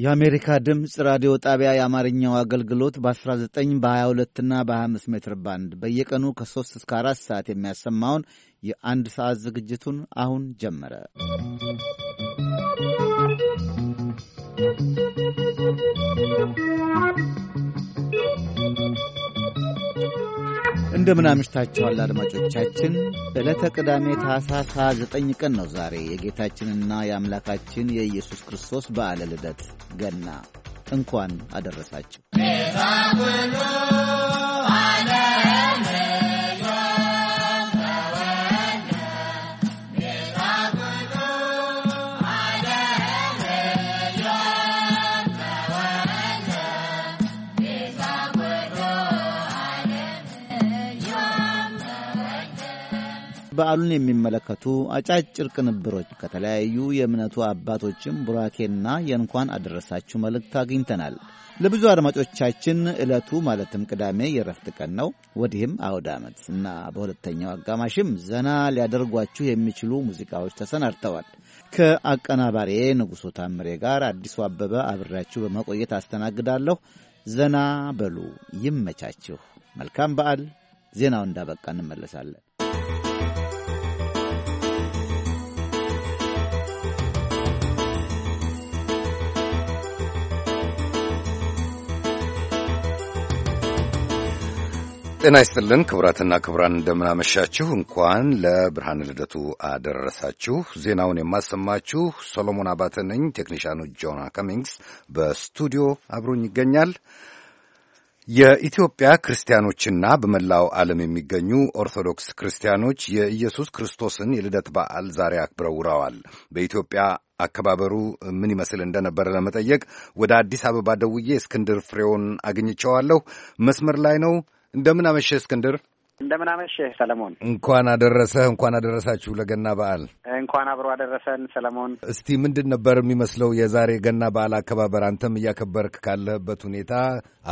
የአሜሪካ ድምፅ ራዲዮ ጣቢያ የአማርኛው አገልግሎት በ19 በ22ና በ25 ሜትር ባንድ በየቀኑ ከ3 እስከ 4 ሰዓት የሚያሰማውን የአንድ ሰዓት ዝግጅቱን አሁን ጀመረ። እንደምን አምሽታችኋል አድማጮቻችን። ዕለተ ቅዳሜ ታኅሳስ 29 ቀን ነው ዛሬ የጌታችንና የአምላካችን የኢየሱስ ክርስቶስ በዓለ ልደት ገና። እንኳን አደረሳችሁ። በዓሉን የሚመለከቱ አጫጭር ቅንብሮች ከተለያዩ የእምነቱ አባቶችም ቡራኬና የእንኳን አደረሳችሁ መልእክት አግኝተናል። ለብዙ አድማጮቻችን ዕለቱ ማለትም ቅዳሜ የረፍት ቀን ነው። ወዲህም አውደ ዓመት እና በሁለተኛው አጋማሽም ዘና ሊያደርጓችሁ የሚችሉ ሙዚቃዎች ተሰናድተዋል። ከአቀናባሪ ንጉሡ ታምሬ ጋር አዲሱ አበበ አብሬያችሁ በመቆየት አስተናግዳለሁ። ዘና በሉ፣ ይመቻችሁ። መልካም በዓል። ዜናው እንዳበቃ እንመለሳለን። ጤና ይስጥልን ክቡራትና ክቡራን፣ እንደምናመሻችሁ። እንኳን ለብርሃን ልደቱ አደረሳችሁ። ዜናውን የማሰማችሁ ሶሎሞን አባተ ነኝ። ቴክኒሻኑ ጆና ከሚንግስ በስቱዲዮ አብሮኝ ይገኛል። የኢትዮጵያ ክርስቲያኖችና በመላው ዓለም የሚገኙ ኦርቶዶክስ ክርስቲያኖች የኢየሱስ ክርስቶስን የልደት በዓል ዛሬ አክብረው ውለዋል። በኢትዮጵያ አከባበሩ ምን ይመስል እንደነበረ ለመጠየቅ ወደ አዲስ አበባ ደውዬ እስክንድር ፍሬውን አግኝቸዋለሁ። መስመር ላይ ነው። እንደምን አመሸህ እስክንድር። እንደምን አመሸህ ሰለሞን። እንኳን አደረሰህ እንኳን አደረሳችሁ ለገና በዓል። እንኳን አብሮ አደረሰን ሰለሞን። እስቲ ምንድን ነበር የሚመስለው የዛሬ ገና በዓል አከባበር? አንተም እያከበርክ ካለህበት ሁኔታ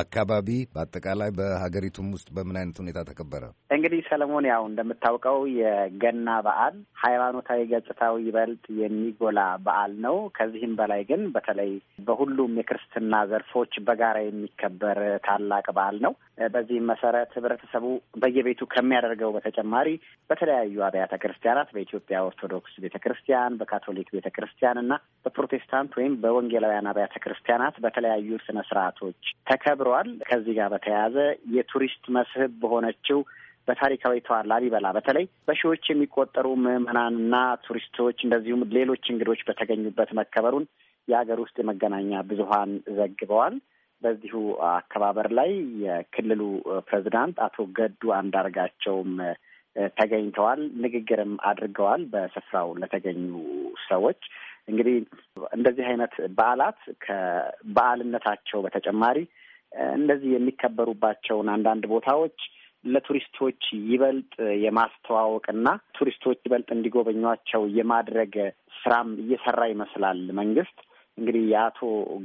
አካባቢ፣ በአጠቃላይ በሀገሪቱም ውስጥ በምን አይነት ሁኔታ ተከበረ? እንግዲህ ሰለሞን፣ ያው እንደምታውቀው የገና በዓል ሃይማኖታዊ ገጽታው ይበልጥ የሚጎላ በዓል ነው። ከዚህም በላይ ግን በተለይ በሁሉም የክርስትና ዘርፎች በጋራ የሚከበር ታላቅ በዓል ነው። በዚህም መሰረት ህብረተሰቡ በየቤቱ ከሚያደርገው በተጨማሪ በተለያዩ አብያተ ክርስቲያናት በኢትዮጵያ ኦርቶዶክስ ቤተ ክርስቲያን፣ በካቶሊክ ቤተ ክርስቲያን እና በፕሮቴስታንት ወይም በወንጌላውያን አብያተ ክርስቲያናት በተለያዩ ስነ ስርዓቶች ተከብረዋል። ከዚህ ጋር በተያያዘ የቱሪስት መስህብ በሆነችው በታሪካዊቷ ላሊበላ በተለይ በሺዎች የሚቆጠሩ ምዕመናንና ቱሪስቶች እንደዚሁም ሌሎች እንግዶች በተገኙበት መከበሩን የሀገር ውስጥ የመገናኛ ብዙሀን ዘግበዋል። በዚሁ አከባበር ላይ የክልሉ ፕሬዚዳንት አቶ ገዱ አንዳርጋቸውም ተገኝተዋል። ንግግርም አድርገዋል በስፍራው ለተገኙ ሰዎች። እንግዲህ እንደዚህ አይነት በዓላት ከበዓልነታቸው በተጨማሪ እንደዚህ የሚከበሩባቸውን አንዳንድ ቦታዎች ለቱሪስቶች ይበልጥ የማስተዋወቅና ቱሪስቶች ይበልጥ እንዲጎበኟቸው የማድረግ ስራም እየሰራ ይመስላል መንግስት። እንግዲህ የአቶ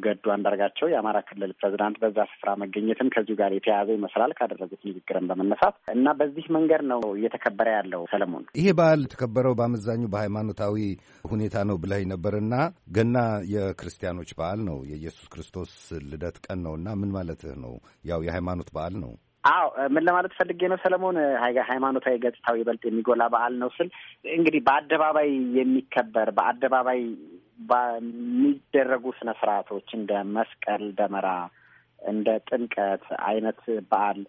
ገዱ አንዳርጋቸው የአማራ ክልል ፕሬዚዳንት በዛ ስፍራ መገኘትም ከዚሁ ጋር የተያያዘ ይመስላል ካደረጉት ንግግርን በመነሳት እና በዚህ መንገድ ነው እየተከበረ ያለው። ሰለሞን፣ ይሄ በዓል የተከበረው በአመዛኙ በሃይማኖታዊ ሁኔታ ነው ብለህ ነበርና ገና የክርስቲያኖች በዓል ነው የኢየሱስ ክርስቶስ ልደት ቀን እና ምን ማለትህ ነው? ያው የሃይማኖት በዓል ነው። አዎ ምን ለማለት ፈልጌ ነው ሰለሞን፣ ሃይማኖታዊ ገጽታው ይበልጥ የሚጎላ በዓል ነው ስል እንግዲህ በአደባባይ የሚከበር በአደባባይ በሚደረጉ ስነ ስርዓቶች እንደ መስቀል ደመራ፣ እንደ ጥምቀት አይነት በዓል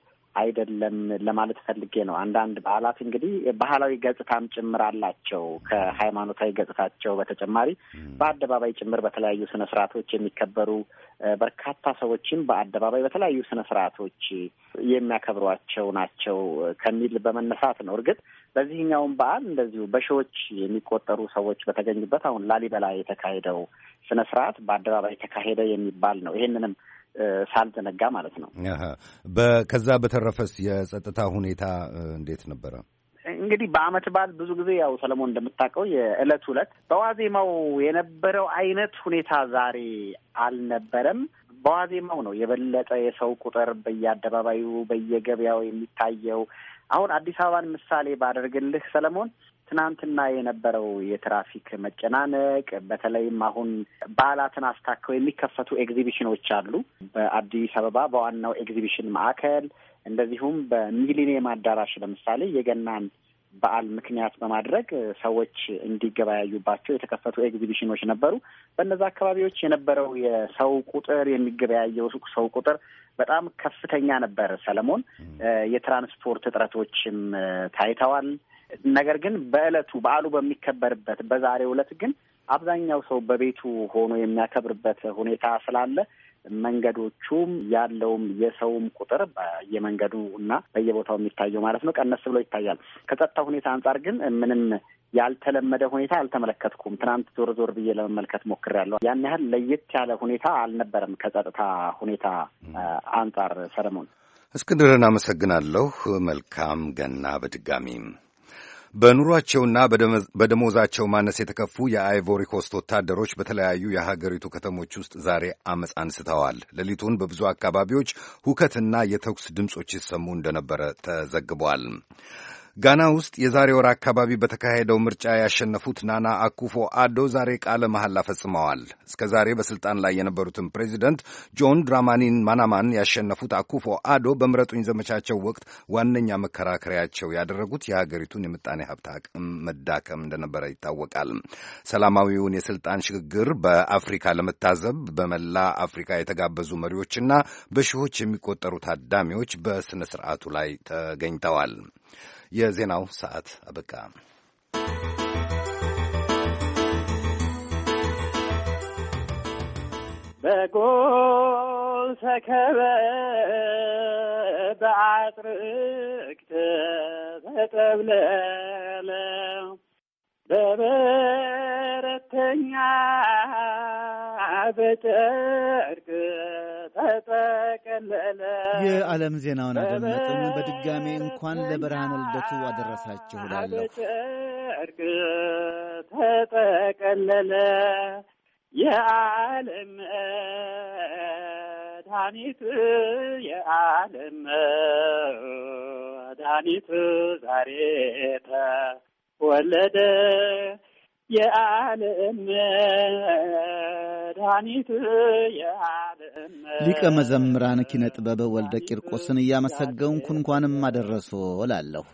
አይደለም ለማለት ፈልጌ ነው። አንዳንድ በዓላት እንግዲህ ባህላዊ ገጽታም ጭምር አላቸው። ከሃይማኖታዊ ገጽታቸው በተጨማሪ በአደባባይ ጭምር በተለያዩ ስነ ስርዓቶች የሚከበሩ በርካታ ሰዎችም በአደባባይ በተለያዩ ስነ ስርዓቶች የሚያከብሯቸው ናቸው ከሚል በመነሳት ነው። እርግጥ በዚህኛውም በዓል እንደዚሁ በሺዎች የሚቆጠሩ ሰዎች በተገኙበት አሁን ላሊበላ የተካሄደው ስነ ስርዓት በአደባባይ የተካሄደ የሚባል ነው። ይሄንንም ሳልዘነጋ ማለት ነው። ከዛ በተረፈስ የጸጥታ ሁኔታ እንዴት ነበረ? እንግዲህ በዓመት በዓል ብዙ ጊዜ ያው ሰለሞን እንደምታውቀው የዕለት ዕለት በዋዜማው የነበረው አይነት ሁኔታ ዛሬ አልነበረም። በዋዜማው ነው የበለጠ የሰው ቁጥር በየአደባባዩ በየገበያው የሚታየው አሁን አዲስ አበባን ምሳሌ ባደርግልህ ሰለሞን ትናንትና የነበረው የትራፊክ መጨናነቅ በተለይም አሁን በዓላትን አስታከው የሚከፈቱ ኤግዚቢሽኖች አሉ። በአዲስ አበባ በዋናው ኤግዚቢሽን ማዕከል እንደዚሁም በሚሊኒየም አዳራሽ ለምሳሌ የገናን በዓል ምክንያት በማድረግ ሰዎች እንዲገበያዩባቸው የተከፈቱ ኤግዚቢሽኖች ነበሩ። በእነዛ አካባቢዎች የነበረው የሰው ቁጥር የሚገበያየው ሰው ቁጥር በጣም ከፍተኛ ነበር። ሰለሞን የትራንስፖርት እጥረቶችም ታይተዋል። ነገር ግን በእለቱ በዓሉ በሚከበርበት በዛሬው እለት ግን አብዛኛው ሰው በቤቱ ሆኖ የሚያከብርበት ሁኔታ ስላለ መንገዶቹም ያለውም የሰውም ቁጥር በየመንገዱ እና በየቦታው የሚታየው ማለት ነው ቀነስ ብሎ ይታያል። ከጸጥታ ሁኔታ አንጻር ግን ምንም ያልተለመደ ሁኔታ አልተመለከትኩም። ትናንት ዞር ዞር ብዬ ለመመልከት ሞክሬያለሁ። ያን ያህል ለየት ያለ ሁኔታ አልነበረም ከጸጥታ ሁኔታ አንጻር። ሰለሞን እስክንድርን አመሰግናለሁ። መልካም ገና። በድጋሚ በኑሯቸውና በደሞዛቸው ማነስ የተከፉ የአይቮሪ ኮስት ወታደሮች በተለያዩ የሀገሪቱ ከተሞች ውስጥ ዛሬ አመፅ አንስተዋል። ሌሊቱን በብዙ አካባቢዎች ሁከትና የተኩስ ድምፆች ይሰሙ እንደነበረ ተዘግቧል። ጋና ውስጥ የዛሬ ወር አካባቢ በተካሄደው ምርጫ ያሸነፉት ናና አኩፎ አዶ ዛሬ ቃለ መሐላ ፈጽመዋል። እስከ ዛሬ በስልጣን ላይ የነበሩትን ፕሬዚደንት ጆን ድራማኒን ማናማን ያሸነፉት አኩፎ አዶ በምረጡኝ ዘመቻቸው ወቅት ዋነኛ መከራከሪያቸው ያደረጉት የሀገሪቱን የምጣኔ ሀብት አቅም መዳከም እንደነበረ ይታወቃል። ሰላማዊውን የስልጣን ሽግግር በአፍሪካ ለመታዘብ በመላ አፍሪካ የተጋበዙ መሪዎችና በሺዎች የሚቆጠሩ ታዳሚዎች በስነ ስርዓቱ ላይ ተገኝተዋል። የዜናው ሰዓት አበቃ። በጎል ሰከበ በአጥርቅተ ተጠብለለ እኛ በጨርቅ ተጠቀለለ። የዓለም ዜናውን አደመጥን። በድጋሜ እንኳን ለብርሃነ ልደቱ አደረሳችሁ እላለሁ። በጨርቅ ተጠቀለለ የዓለም መድኃኒት የዓለም መድኃኒት ዛሬ ተወለደ። ሊቀ መዘምራን ኪነ ጥበብ ወልደ ቂርቆስን እያመሰገንኩ እንኳንም አደረሶ እላለሁ።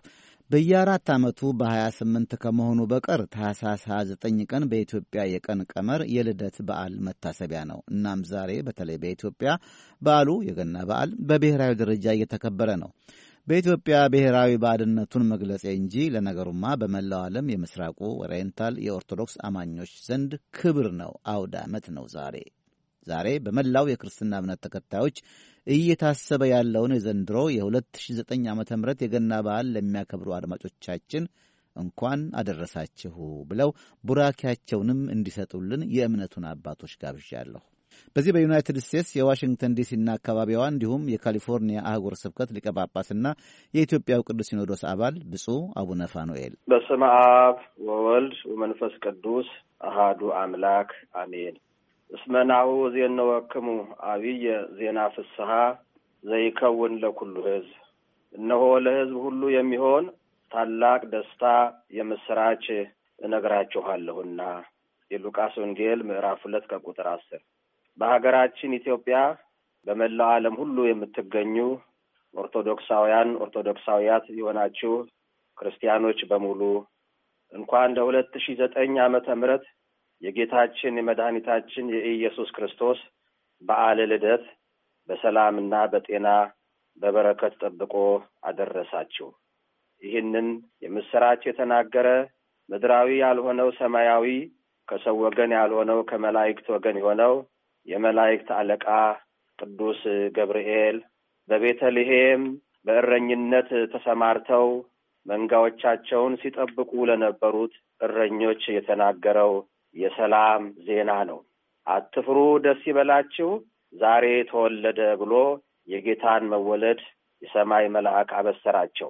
በየአራት ዓመቱ በ28 ከመሆኑ በቀር ታህሳስ 29 ቀን በኢትዮጵያ የቀን ቀመር የልደት በዓል መታሰቢያ ነው። እናም ዛሬ በተለይ በኢትዮጵያ በዓሉ የገና በዓል በብሔራዊ ደረጃ እየተከበረ ነው። በኢትዮጵያ ብሔራዊ ባዕድነቱን መግለጼ እንጂ ለነገሩማ በመላው ዓለም የምስራቁ ኦሪየንታል የኦርቶዶክስ አማኞች ዘንድ ክብር ነው፣ አውደ ዓመት ነው። ዛሬ ዛሬ በመላው የክርስትና እምነት ተከታዮች እየታሰበ ያለውን የዘንድሮ የ2009 ዓ ም የገና በዓል ለሚያከብሩ አድማጮቻችን እንኳን አደረሳችሁ ብለው ቡራኪያቸውንም እንዲሰጡልን የእምነቱን አባቶች ጋብዣለሁ። በዚህ በዩናይትድ ስቴትስ የዋሽንግተን ዲሲና አካባቢዋ እንዲሁም የካሊፎርኒያ አህጉር ስብከት ሊቀ ጳጳስና የኢትዮጵያው ቅዱስ ሲኖዶስ አባል ብፁዕ አቡነ ፋኑኤል በስመ አብ ወወልድ ወመንፈስ ቅዱስ አሃዱ አምላክ አሜን። እስመ ናሁ ዜነወክሙ አብይ ዜና ፍስሐ ዘይከውን ለኩሉ ህዝብ እነሆ ለህዝብ ሁሉ የሚሆን ታላቅ ደስታ የምስራች እነግራችኋለሁና የሉቃስ ወንጌል ምዕራፍ ሁለት ከቁጥር አስር በሀገራችን ኢትዮጵያ በመላው ዓለም ሁሉ የምትገኙ ኦርቶዶክሳውያን፣ ኦርቶዶክሳውያት የሆናችሁ ክርስቲያኖች በሙሉ እንኳን ለሁለት ሺ ዘጠኝ ዓመተ ምህረት የጌታችን የመድኃኒታችን የኢየሱስ ክርስቶስ በዓለ ልደት በሰላምና በጤና በበረከት ጠብቆ አደረሳችሁ። ይህንን የምስራች የተናገረ ምድራዊ ያልሆነው ሰማያዊ ከሰው ወገን ያልሆነው ከመላእክት ወገን የሆነው የመላእክት አለቃ ቅዱስ ገብርኤል በቤተልሔም በእረኝነት ተሰማርተው መንጋዎቻቸውን ሲጠብቁ ለነበሩት እረኞች የተናገረው የሰላም ዜና ነው። አትፍሩ፣ ደስ ይበላችሁ፣ ዛሬ ተወለደ ብሎ የጌታን መወለድ የሰማይ መልአክ አበሰራቸው።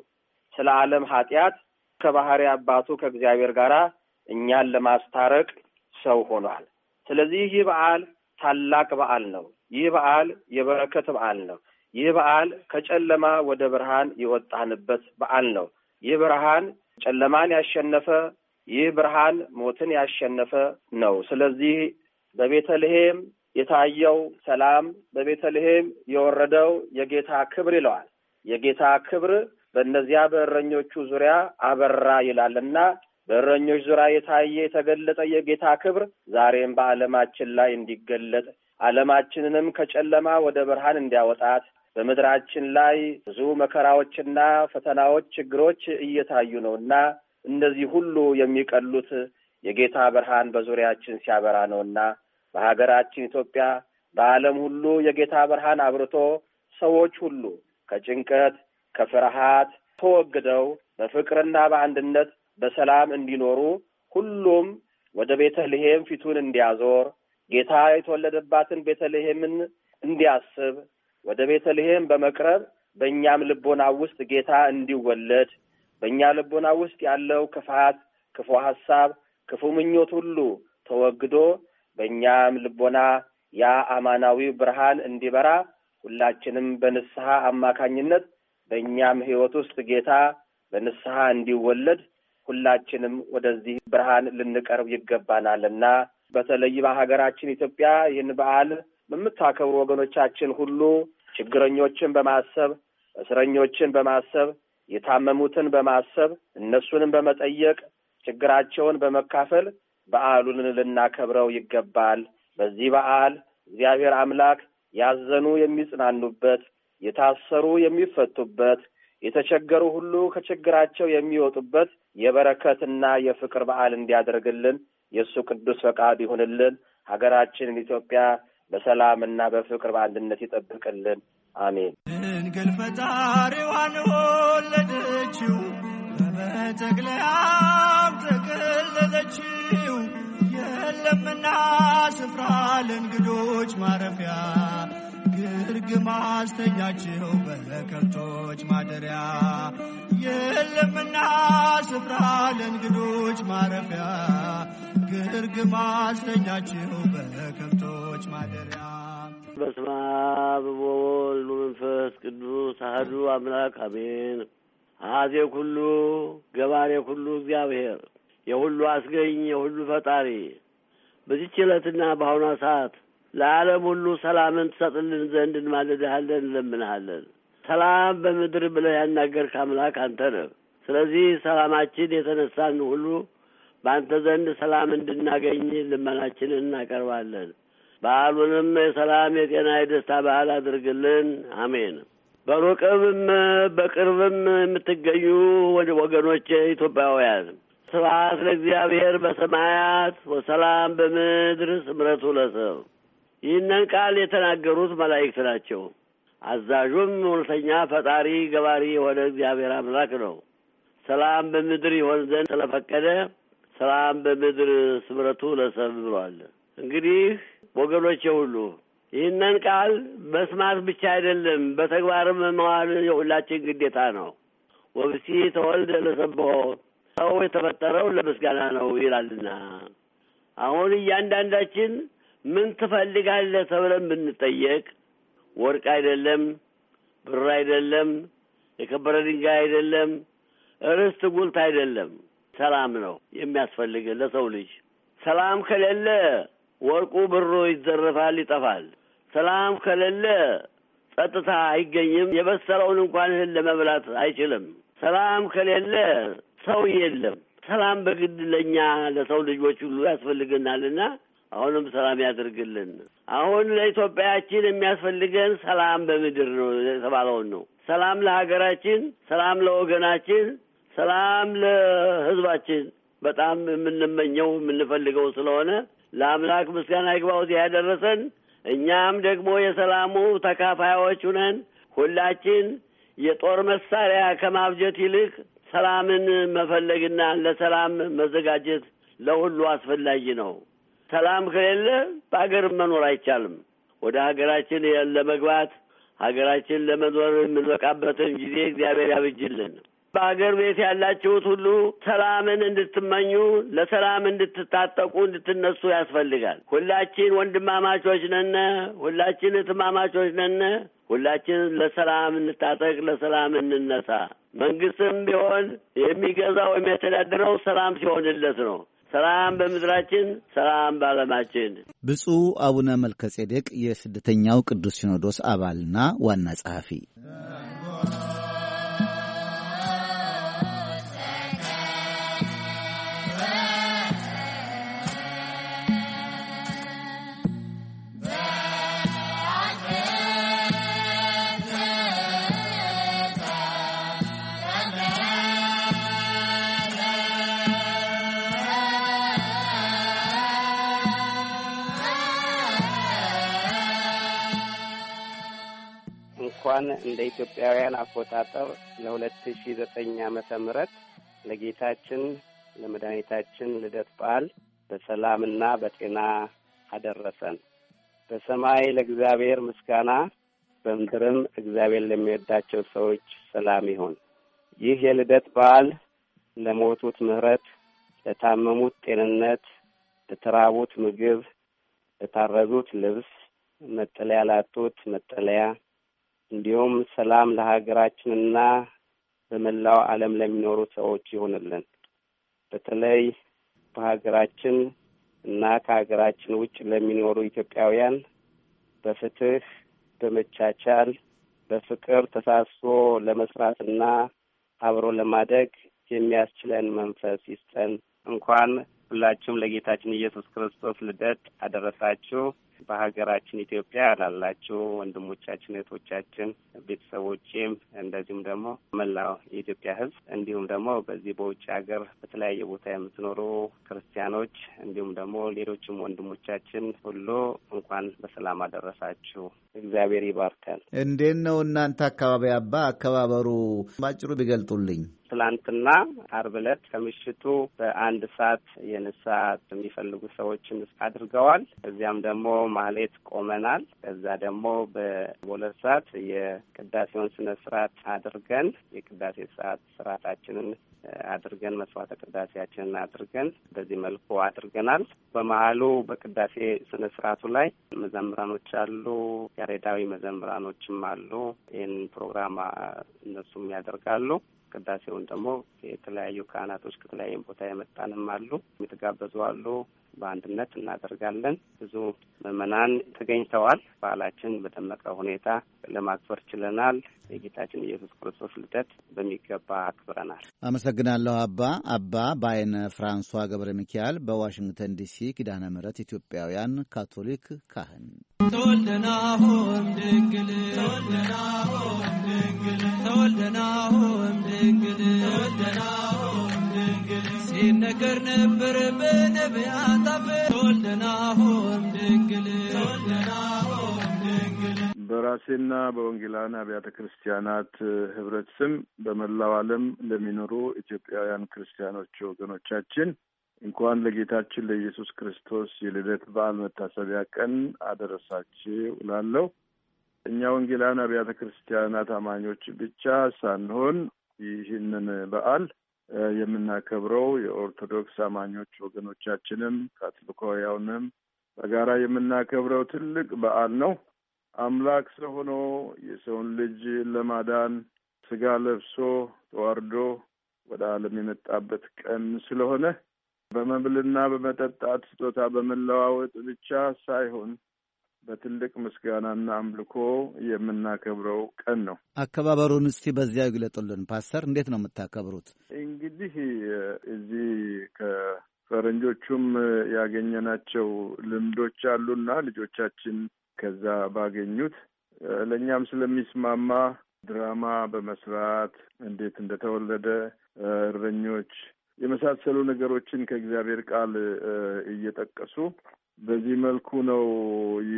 ስለ ዓለም ኃጢአት ከባህሪ አባቱ ከእግዚአብሔር ጋር እኛን ለማስታረቅ ሰው ሆኗል። ስለዚህ ይህ በዓል ታላቅ በዓል ነው። ይህ በዓል የበረከት በዓል ነው። ይህ በዓል ከጨለማ ወደ ብርሃን የወጣንበት በዓል ነው። ይህ ብርሃን ጨለማን ያሸነፈ፣ ይህ ብርሃን ሞትን ያሸነፈ ነው። ስለዚህ በቤተልሔም የታየው ሰላም፣ በቤተልሔም የወረደው የጌታ ክብር ይለዋል። የጌታ ክብር በእነዚያ በእረኞቹ ዙሪያ አበራ ይላልና በእረኞች ዙሪያ የታየ የተገለጠ የጌታ ክብር ዛሬም በዓለማችን ላይ እንዲገለጥ ዓለማችንንም ከጨለማ ወደ ብርሃን እንዲያወጣት በምድራችን ላይ ብዙ መከራዎችና ፈተናዎች፣ ችግሮች እየታዩ ነው እና እነዚህ ሁሉ የሚቀሉት የጌታ ብርሃን በዙሪያችን ሲያበራ ነውና በሀገራችን ኢትዮጵያ በዓለም ሁሉ የጌታ ብርሃን አብርቶ ሰዎች ሁሉ ከጭንቀት ከፍርሃት ተወግደው በፍቅርና በአንድነት በሰላም እንዲኖሩ ሁሉም ወደ ቤተልሔም ፊቱን እንዲያዞር ጌታ የተወለደባትን ቤተልሔምን እንዲያስብ ወደ ቤተልሔም በመቅረብ በእኛም ልቦና ውስጥ ጌታ እንዲወለድ በእኛ ልቦና ውስጥ ያለው ክፋት፣ ክፉ ሀሳብ፣ ክፉ ምኞት ሁሉ ተወግዶ በእኛም ልቦና ያ አማናዊ ብርሃን እንዲበራ ሁላችንም በንስሐ አማካኝነት በእኛም ሕይወት ውስጥ ጌታ በንስሐ እንዲወለድ ሁላችንም ወደዚህ ብርሃን ልንቀርብ ይገባናል እና በተለይ በሀገራችን ኢትዮጵያ ይህን በዓል በምታከብሩ ወገኖቻችን ሁሉ ችግረኞችን በማሰብ እስረኞችን በማሰብ የታመሙትን በማሰብ እነሱንም በመጠየቅ ችግራቸውን በመካፈል በዓሉን ልናከብረው ይገባል። በዚህ በዓል እግዚአብሔር አምላክ ያዘኑ የሚጽናኑበት፣ የታሰሩ የሚፈቱበት፣ የተቸገሩ ሁሉ ከችግራቸው የሚወጡበት የበረከትና የፍቅር በዓል እንዲያደርግልን የእሱ ቅዱስ ፈቃድ ይሁንልን። ሀገራችንን ኢትዮጵያ በሰላምና በፍቅር በአንድነት ይጠብቅልን። አሜን። ድንግል ፈጣሪዋን ወለደችው፣ በመጠቅለያም ተቀለለችው፣ የለምና ስፍራ ለእንግዶች ማረፊያ በደርግ ማስተኛቸው በከብቶች ማደሪያ የለምና ስፍራ ለእንግዶች ማረፊያ ግርግ ማስተኛቸው በከብቶች ማደሪያ። በስመ አብ ወወልድ ወመንፈስ ቅዱስ አህዱ አምላክ አሜን። አሐዜ ኩሉ ገባሬ ኩሉ እግዚአብሔር የሁሉ አስገኝ የሁሉ ፈጣሪ በዚች ዕለትና በአሁኗ ሰዓት ለዓለም ሁሉ ሰላምን ትሰጥልን ዘንድ እንማልድሃለን፣ እንለምንሃለን። ሰላም በምድር ብለህ ያናገርክ አምላክ አንተ ነህ። ስለዚህ ሰላማችን የተነሳን ሁሉ በአንተ ዘንድ ሰላም እንድናገኝ ልመናችንን እናቀርባለን። በዓሉንም የሰላም የጤና፣ የደስታ በዓል አድርግልን። አሜን። በሩቅም በቅርብም የምትገኙ ወገኖቼ ኢትዮጵያውያን ስብሐት ለእግዚአብሔር በሰማያት ወሰላም በምድር ስምረቱ ለሰብ ይህንን ቃል የተናገሩት መላእክት ናቸው። አዛዡም እውነተኛ ፈጣሪ ገባሪ የሆነ እግዚአብሔር አምላክ ነው። ሰላም በምድር ይሆን ዘንድ ስለፈቀደ ሰላም በምድር ስምረቱ ለሰብ ብሏል። እንግዲህ ወገኖቼ ሁሉ ይህንን ቃል መስማት ብቻ አይደለም፣ በተግባርም መዋል የሁላችን ግዴታ ነው። ወብሲ ተወልደ ለሰብሖ ሰው የተፈጠረው ለምስጋና ነው ይላልና አሁን እያንዳንዳችን ምን ትፈልጋለህ ተብለን ብንጠየቅ ወርቅ አይደለም፣ ብር አይደለም፣ የከበረ ድንጋይ አይደለም፣ ርስት ጉልት አይደለም፣ ሰላም ነው የሚያስፈልግ ለሰው ልጅ። ሰላም ከሌለ ወርቁ ብሮ ይዘረፋል፣ ይጠፋል። ሰላም ከሌለ ጸጥታ አይገኝም። የበሰለውን እንኳን እህል ለመብላት አይችልም። ሰላም ከሌለ ሰው የለም። ሰላም በግድ ለእኛ ለሰው ልጆች ሁሉ ያስፈልገናልና አሁንም ሰላም ያድርግልን። አሁን ለኢትዮጵያችን የሚያስፈልገን ሰላም በምድር ነው የተባለውን ነው። ሰላም ለሀገራችን፣ ሰላም ለወገናችን፣ ሰላም ለሕዝባችን በጣም የምንመኘው የምንፈልገው ስለሆነ ለአምላክ ምስጋና ይግባው ያደረሰን። እኛም ደግሞ የሰላሙ ተካፋዮች ሁነን ሁላችን የጦር መሳሪያ ከማብጀት ይልቅ ሰላምን መፈለግና ለሰላም መዘጋጀት ለሁሉ አስፈላጊ ነው። ሰላም ከሌለ በሀገር መኖር አይቻልም። ወደ ሀገራችን ለመግባት ሀገራችን ለመኖር የምንበቃበትን ጊዜ እግዚአብሔር ያብጅልን። በሀገር ቤት ያላችሁት ሁሉ ሰላምን እንድትመኙ ለሰላም እንድትታጠቁ እንድትነሱ ያስፈልጋል። ሁላችን ወንድማማቾች ነን። ሁላችን እህትማማቾች ነን። ሁላችን ለሰላም እንታጠቅ፣ ለሰላም እንነሳ። መንግስትም ቢሆን የሚገዛው የሚያስተዳድረው ሰላም ሲሆንለት ነው። ሰላም በምድራችን ሰላም በዓለማችን። ብፁዕ አቡነ መልከጼዴቅ የስደተኛው ቅዱስ ሲኖዶስ አባልና ዋና ጸሐፊ እንኳን እንደ ኢትዮጵያውያን አቆጣጠር ለሁለት ሺ ዘጠኝ አመተ ምህረት ለጌታችን ለመድኃኒታችን ልደት በዓል በሰላምና በጤና አደረሰን። በሰማይ ለእግዚአብሔር ምስጋና፣ በምድርም እግዚአብሔር ለሚወዳቸው ሰዎች ሰላም ይሁን። ይህ የልደት በዓል ለሞቱት ምህረት፣ ለታመሙት ጤንነት፣ ለተራቡት ምግብ፣ ለታረዙት ልብስ፣ መጠለያ ላጡት መጠለያ፣ እንዲሁም ሰላም ለሀገራችንና በመላው ዓለም ለሚኖሩ ሰዎች ይሆንልን። በተለይ በሀገራችን እና ከሀገራችን ውጭ ለሚኖሩ ኢትዮጵያውያን በፍትህ፣ በመቻቻል፣ በፍቅር ተሳስቦ ለመስራትና አብሮ ለማደግ የሚያስችለን መንፈስ ይስጠን። እንኳን ሁላችሁም ለጌታችን ኢየሱስ ክርስቶስ ልደት አደረሳችሁ። በሀገራችን ኢትዮጵያ ላላችሁ ወንድሞቻችን፣ እህቶቻችን፣ ቤተሰቦቼም እንደዚሁም ደግሞ መላው የኢትዮጵያ ሕዝብ እንዲሁም ደግሞ በዚህ በውጭ ሀገር በተለያየ ቦታ የምትኖሩ ክርስቲያኖች እንዲሁም ደግሞ ሌሎችም ወንድሞቻችን ሁሉ እንኳን በሰላም አደረሳችሁ። እግዚአብሔር ይባርካል። እንዴት ነው እናንተ አካባቢ አባ አከባበሩ ባጭሩ ቢገልጡልኝ። ትላንትና አርብ ዕለት ከምሽቱ በአንድ ሰዓት የንስሐ የሚፈልጉ ሰዎችን አድርገዋል። ከዚያም ደግሞ ማሌት ቆመናል። ከዛ ደግሞ በሁለት ሰዓት የቅዳሴውን ስነ ስርዓት አድርገን የቅዳሴ ሰዓት ስርዓታችንን አድርገን መስዋዕተ ቅዳሴያችንን አድርገን በዚህ መልኩ አድርገናል። በመሀሉ በቅዳሴ ስነ ስርዓቱ ላይ መዘምራኖች አሉ፣ ያሬዳዊ መዘምራኖችም አሉ። ይህን ፕሮግራም እነሱም ያደርጋሉ። ቅዳሴውን ደግሞ የተለያዩ ካህናቶች ከተለያየ ቦታ የመጣንም አሉ፣ የተጋበዙ አሉ። በአንድነት እናደርጋለን። ብዙ ምዕመናን ተገኝተዋል። በዓላችን በደመቀ ሁኔታ ለማክበር ችለናል። የጌታችን ኢየሱስ ክርስቶስ ልደት በሚገባ አክብረናል። አመሰግናለሁ። አባ አባ በአይነ ፍራንሷ ገብረ ሚካኤል በዋሽንግተን ዲሲ ኪዳነ ምሕረት ኢትዮጵያውያን ካቶሊክ ካህን ተወልደና ድንግል ተወልደና ድንግል ድንግል ሲል ነገር ነበር በነቢያት አፍ ተወልደና ድንግል በራሴና በወንጌላን አብያተ ክርስቲያናት ህብረት ስም በመላው ዓለም ለሚኖሩ ኢትዮጵያውያን ክርስቲያኖች ወገኖቻችን እንኳን ለጌታችን ለኢየሱስ ክርስቶስ የልደት በዓል መታሰቢያ ቀን አደረሳችሁ ላለው እኛ ወንጌላን አብያተ ክርስቲያናት አማኞች ብቻ ሳንሆን ይህንን በዓል የምናከብረው የኦርቶዶክስ አማኞች ወገኖቻችንም ከአጥብቆያውንም በጋራ የምናከብረው ትልቅ በዓል ነው። አምላክ ሰው ሆኖ የሰውን ልጅ ለማዳን ስጋ ለብሶ ተዋርዶ ወደ ዓለም የመጣበት ቀን ስለሆነ በመብልና በመጠጣት ስጦታ በመለዋወጥ ብቻ ሳይሆን በትልቅ ምስጋናና አምልኮ የምናከብረው ቀን ነው። አከባበሩን እስቲ በዚያ ይግለጡልን ፓስተር፣ እንዴት ነው የምታከብሩት? እንግዲህ እዚህ ከፈረንጆቹም ያገኘናቸው ልምዶች አሉና ልጆቻችን ከዛ ባገኙት ለእኛም ስለሚስማማ ድራማ በመስራት እንዴት እንደተወለደ እረኞች የመሳሰሉ ነገሮችን ከእግዚአብሔር ቃል እየጠቀሱ በዚህ መልኩ ነው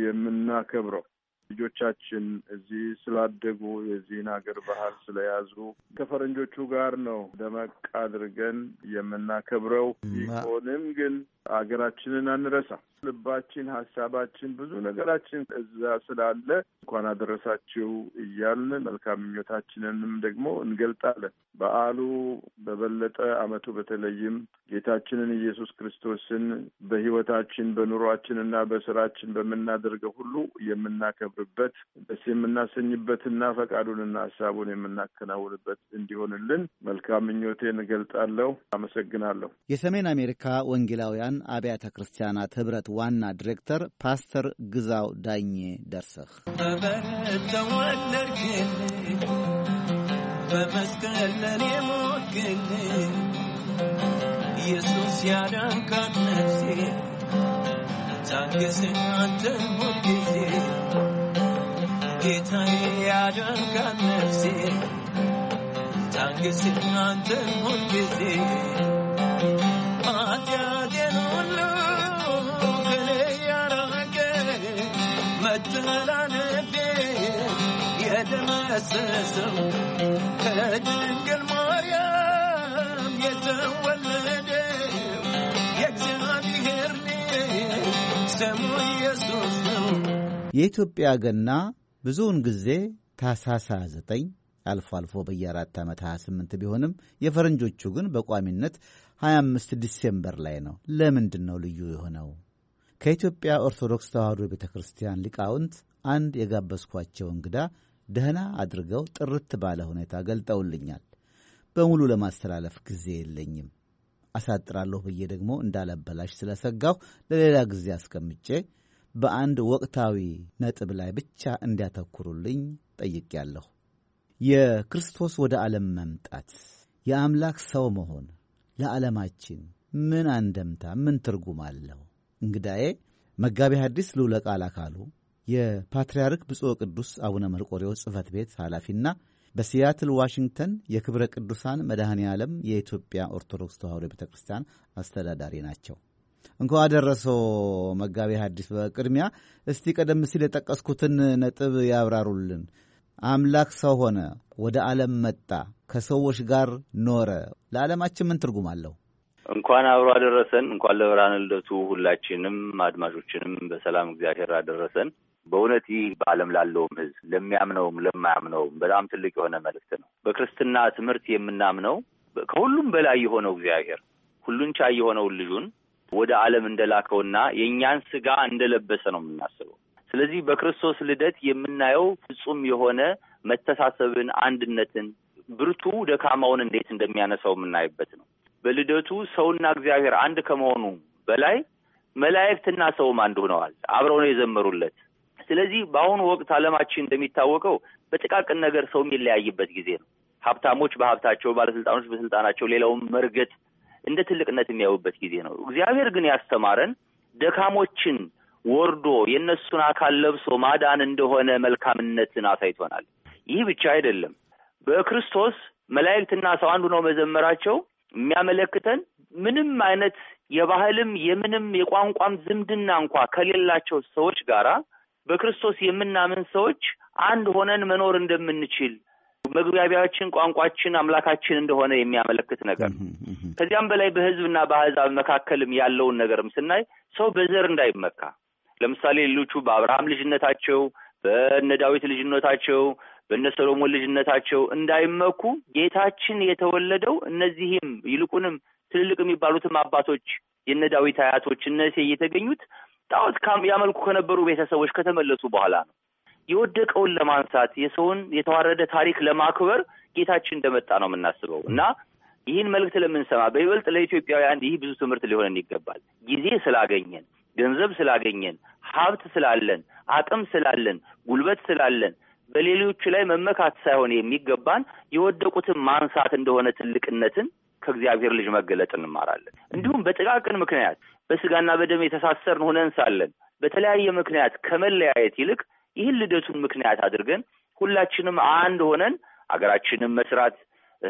የምናከብረው። ልጆቻችን እዚህ ስላደጉ የዚህን ሀገር ባህል ስለያዙ ከፈረንጆቹ ጋር ነው ደመቅ አድርገን የምናከብረው። ቢሆንም ግን ሀገራችንን አንረሳ። ልባችን፣ ሀሳባችን፣ ብዙ ነገራችን እዛ ስላለ እንኳን አደረሳችሁ እያልን መልካም ምኞታችንንም ደግሞ እንገልጣለን። በዓሉ በበለጠ ዓመቱ በተለይም ጌታችንን ኢየሱስ ክርስቶስን በሕይወታችን በኑሯችንና በስራችን በምናደርገው ሁሉ የምናከብርበት ደስ የምናሰኝበትና ፈቃዱንና ሀሳቡን የምናከናውንበት እንዲሆንልን መልካም ምኞቴን እገልጣለሁ። አመሰግናለሁ። የሰሜን አሜሪካ ወንጌላውያን አብያተ ክርስቲያናት ህብረት ዋና ዲሬክተር ፓስተር ግዛው ዳኜ ደርሰህ በመስቀል ለኔ ኢየሱስ ነፍሴ ሁልጊዜ ጌታዬ ነፍሴ ሁልጊዜ ኃጢአቴን ሁሉ የኢትዮጵያ ገና ብዙውን ጊዜ ታኅሳስ ዘጠኝ አልፎ አልፎ በየአራት ዓመት 28 ቢሆንም የፈረንጆቹ ግን በቋሚነት 25 ዲሴምበር ላይ ነው። ለምንድን ነው ልዩ የሆነው? ከኢትዮጵያ ኦርቶዶክስ ተዋሕዶ ቤተ ክርስቲያን ሊቃውንት አንድ የጋበዝኳቸው እንግዳ ደህና አድርገው ጥርት ባለ ሁኔታ ገልጠውልኛል። በሙሉ ለማስተላለፍ ጊዜ የለኝም። አሳጥራለሁ ብዬ ደግሞ እንዳለበላሽ ስለሰጋሁ ለሌላ ጊዜ አስቀምጬ በአንድ ወቅታዊ ነጥብ ላይ ብቻ እንዲያተኩሩልኝ ጠይቄያለሁ። የክርስቶስ ወደ ዓለም መምጣት፣ የአምላክ ሰው መሆን ለዓለማችን ምን አንደምታ፣ ምን ትርጉም አለው? እንግዳዬ መጋቢ ሐዲስ ልውለ ቃል አካሉ የፓትርያርክ ብፁዕ ቅዱስ አቡነ መርቆሬዎስ ጽሕፈት ቤት ኃላፊና በሲያትል ዋሽንግተን የክብረ ቅዱሳን መድኃኔ ዓለም የኢትዮጵያ ኦርቶዶክስ ተዋሕዶ ቤተ ክርስቲያን አስተዳዳሪ ናቸው። እንኳ አደረሶ መጋቢ ሐዲስ። በቅድሚያ እስቲ ቀደም ሲል የጠቀስኩትን ነጥብ ያብራሩልን። አምላክ ሰው ሆነ፣ ወደ ዓለም መጣ፣ ከሰዎች ጋር ኖረ። ለዓለማችን ምን ትርጉም አለው? እንኳን አብሮ አደረሰን። እንኳን ለብርሃነ ልደቱ ሁላችንም አድማጮችንም በሰላም እግዚአብሔር አደረሰን። በእውነት ይህ በዓለም ላለውም ሕዝብ ለሚያምነውም ለማያምነውም በጣም ትልቅ የሆነ መልእክት ነው። በክርስትና ትምህርት የምናምነው ከሁሉም በላይ የሆነው እግዚአብሔር ሁሉን ቻይ የሆነውን ልጁን ወደ ዓለም እንደላከውና የእኛን ስጋ እንደለበሰ ነው የምናስበው። ስለዚህ በክርስቶስ ልደት የምናየው ፍጹም የሆነ መተሳሰብን፣ አንድነትን፣ ብርቱ ደካማውን እንዴት እንደሚያነሳው የምናይበት ነው። በልደቱ ሰውና እግዚአብሔር አንድ ከመሆኑ በላይ መላእክትና ሰውም አንድ ሆነዋል። አብረው ነው የዘመሩለት። ስለዚህ በአሁኑ ወቅት ዓለማችን እንደሚታወቀው በጥቃቅን ነገር ሰው የሚለያይበት ጊዜ ነው። ሀብታሞች በሀብታቸው፣ ባለስልጣኖች በስልጣናቸው ሌላውን መርገጥ እንደ ትልቅነት የሚያዩበት ጊዜ ነው። እግዚአብሔር ግን ያስተማረን ደካሞችን ወርዶ የእነሱን አካል ለብሶ ማዳን እንደሆነ መልካምነትን አሳይቶናል። ይህ ብቻ አይደለም። በክርስቶስ መላእክትና ሰው አንዱ ነው መዘመራቸው የሚያመለክተን ምንም አይነት የባህልም የምንም የቋንቋም ዝምድና እንኳ ከሌላቸው ሰዎች ጋር በክርስቶስ የምናምን ሰዎች አንድ ሆነን መኖር እንደምንችል መግባቢያችን ቋንቋችን አምላካችን እንደሆነ የሚያመለክት ነገር ነው። ከዚያም በላይ በህዝብና በአህዛብ መካከልም ያለውን ነገርም ስናይ ሰው በዘር እንዳይመካ ለምሳሌ ሌሎቹ በአብርሃም ልጅነታቸው በነ ዳዊት ልጅነታቸው በእነ ሰሎሞን ልጅነታቸው እንዳይመኩ ጌታችን የተወለደው እነዚህም ይልቁንም ትልልቅ የሚባሉትም አባቶች የነ ዳዊት አያቶች እነሴ የተገኙት ጣዖት ያመልኩ ከነበሩ ቤተሰቦች ከተመለሱ በኋላ ነው። የወደቀውን ለማንሳት የሰውን የተዋረደ ታሪክ ለማክበር ጌታችን እንደመጣ ነው የምናስበው እና ይህን መልእክት ለምንሰማ በይበልጥ ለኢትዮጵያውያን ይህ ብዙ ትምህርት ሊሆነን ይገባል። ጊዜ ስላገኘን፣ ገንዘብ ስላገኘን፣ ሀብት ስላለን፣ አቅም ስላለን፣ ጉልበት ስላለን በሌሎቹ ላይ መመካት ሳይሆን የሚገባን የወደቁትን ማንሳት እንደሆነ ትልቅነትን ከእግዚአብሔር ልጅ መገለጥ እንማራለን። እንዲሁም በጥቃቅን ምክንያት በስጋና በደም የተሳሰርን ሆነን ሳለን በተለያየ ምክንያት ከመለያየት ይልቅ ይህን ልደቱን ምክንያት አድርገን ሁላችንም አንድ ሆነን አገራችንን መስራት፣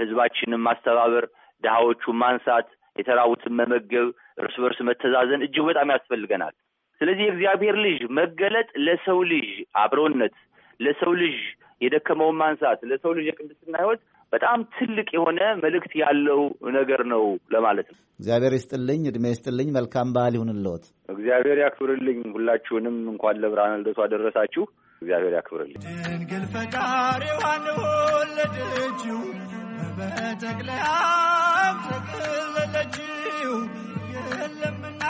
ህዝባችንን ማስተባበር፣ ድሃዎቹን ማንሳት፣ የተራቡትን መመገብ፣ እርስ በርስ መተዛዘን እጅግ በጣም ያስፈልገናል። ስለዚህ የእግዚአብሔር ልጅ መገለጥ ለሰው ልጅ አብሮነት ለሰው ልጅ የደከመውን ማንሳት፣ ለሰው ልጅ የቅድስና ህይወት በጣም ትልቅ የሆነ መልእክት ያለው ነገር ነው ለማለት ነው። እግዚአብሔር ይስጥልኝ፣ እድሜ ይስጥልኝ፣ መልካም ባህል ይሁንልዎት። እግዚአብሔር ያክብርልኝ። ሁላችሁንም እንኳን ለብርሃነ ልደቱ አደረሳችሁ። እግዚአብሔር ያክብርልኝ። ድንግል ፈጣሪዋን ወለደችው፣ በተክለያም ተከለለችው፣ የለምና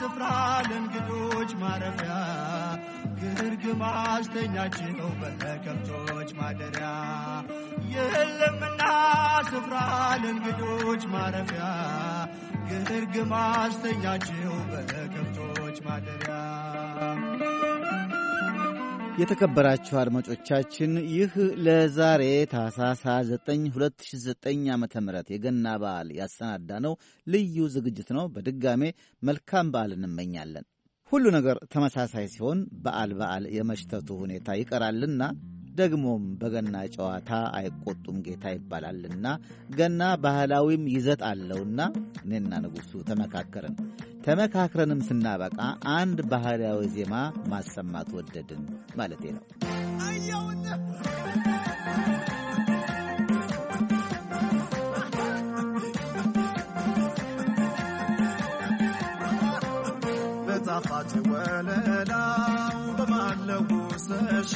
ስፍራ ለእንግዶች ማረፊያ ግርግ ማስተኛችው በከብቶች ማደሪያ የለምና ስፍራ ለእንግዶች ማረፊያ ግርግ ማስተኛችው በከብቶች ማደሪያ። የተከበራችሁ አድማጮቻችን ይህ ለዛሬ ታህሳስ 9 2009 ዓ ም የገና በዓል ያሰናዳ ነው ልዩ ዝግጅት ነው። በድጋሜ መልካም በዓል እንመኛለን። ሁሉ ነገር ተመሳሳይ ሲሆን በዓል በዓል የመሽተቱ ሁኔታ ይቀራልና ደግሞም በገና ጨዋታ አይቆጡም ጌታ ይባላልና ገና ባህላዊም ይዘት አለውና እኔና ንጉሡ ተመካከርን። ተመካክረንም ስናበቃ አንድ ባህላዊ ዜማ ማሰማት ወደድን ማለቴ ነው። ጣፋጭ ወለላው በማለውሰሺ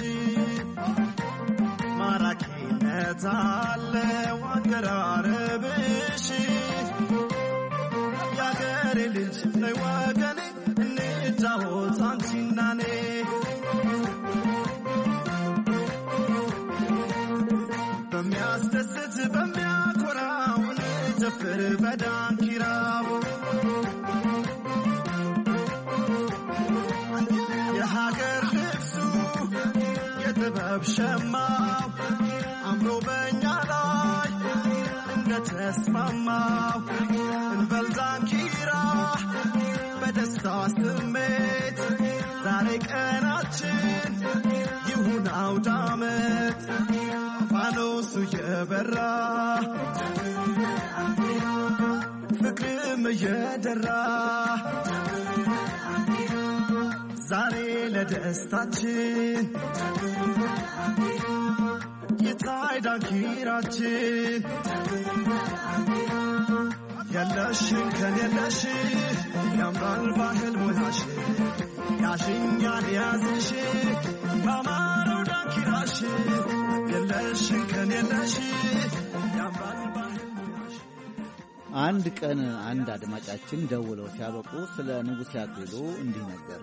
ማራኪነት አለው አገራረብሽ ያገሬ ልጅ ወገኔ እንጫወት አንቺና እኔ በሚያስደስት በሚያኮራውን ጭፍር በዳንኪራው ሸማው አምሮ በኛ ላይ እንደተስማማው እንበልዛንኪራ በደስታ ስሜት ዛሬ ቀናችን ይሁን አውዳመት ፋኖሱ የበራ ፍቅርም እየደራ ደስታችን ይታይ ዳንኪራችን የለሽን ከሌለሽ ያምራል ባህል ያዝሽ ዳንኪራሽ የለሽን አንድ ቀን አንድ አድማጫችን ደውለው ሲያበቁ ስለ ንጉሥ ያክሉ እንዲህ ነገሩ።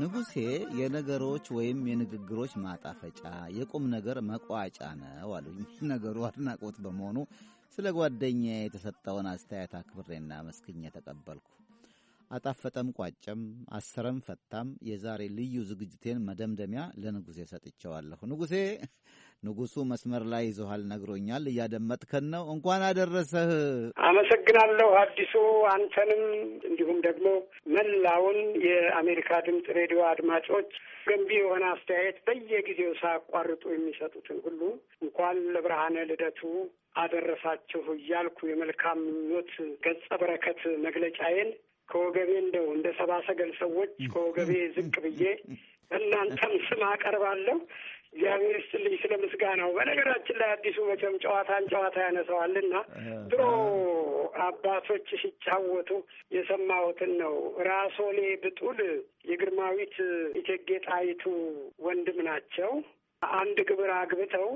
ንጉሴ የነገሮች ወይም የንግግሮች ማጣፈጫ የቁም ነገር መቋጫ ነው አሉኝ። ነገሩ አድናቆት በመሆኑ ስለ ጓደኛ የተሰጠውን አስተያየት አክብሬና መስክኜ ተቀበልኩ። አጣፈጠም፣ ቋጨም፣ አሰረም፣ ፈታም የዛሬ ልዩ ዝግጅቴን መደምደሚያ ለንጉሴ ሰጥቼዋለሁ። ንጉሴ ንጉሱ መስመር ላይ ይዞሃል ነግሮኛል። እያደመጥከን ነው። እንኳን አደረሰህ። አመሰግናለሁ አዲሱ፣ አንተንም እንዲሁም ደግሞ መላውን የአሜሪካ ድምፅ ሬዲዮ አድማጮች ገንቢ የሆነ አስተያየት በየጊዜው ሳያቋርጡ የሚሰጡትን ሁሉ እንኳን ለብርሃነ ልደቱ አደረሳችሁ እያልኩ የመልካም ምኞት ገጸ በረከት መግለጫዬን ከወገቤ እንደው እንደ ሰባሰገል ሰዎች ከወገቤ ዝቅ ብዬ እናንተም ስም አቀርባለሁ። እግዚአብሔር ይስጥልኝ ስለ ምስጋናው። በነገራችን ላይ አዲሱ መቼም ጨዋታን ጨዋታ ያነሳዋልና ድሮ አባቶች ሲጫወቱ የሰማሁትን ነው። ራሶሌ ብጡል የግርማዊት እቴጌ ጣይቱ ወንድም ናቸው። አንድ ግብር አግብተው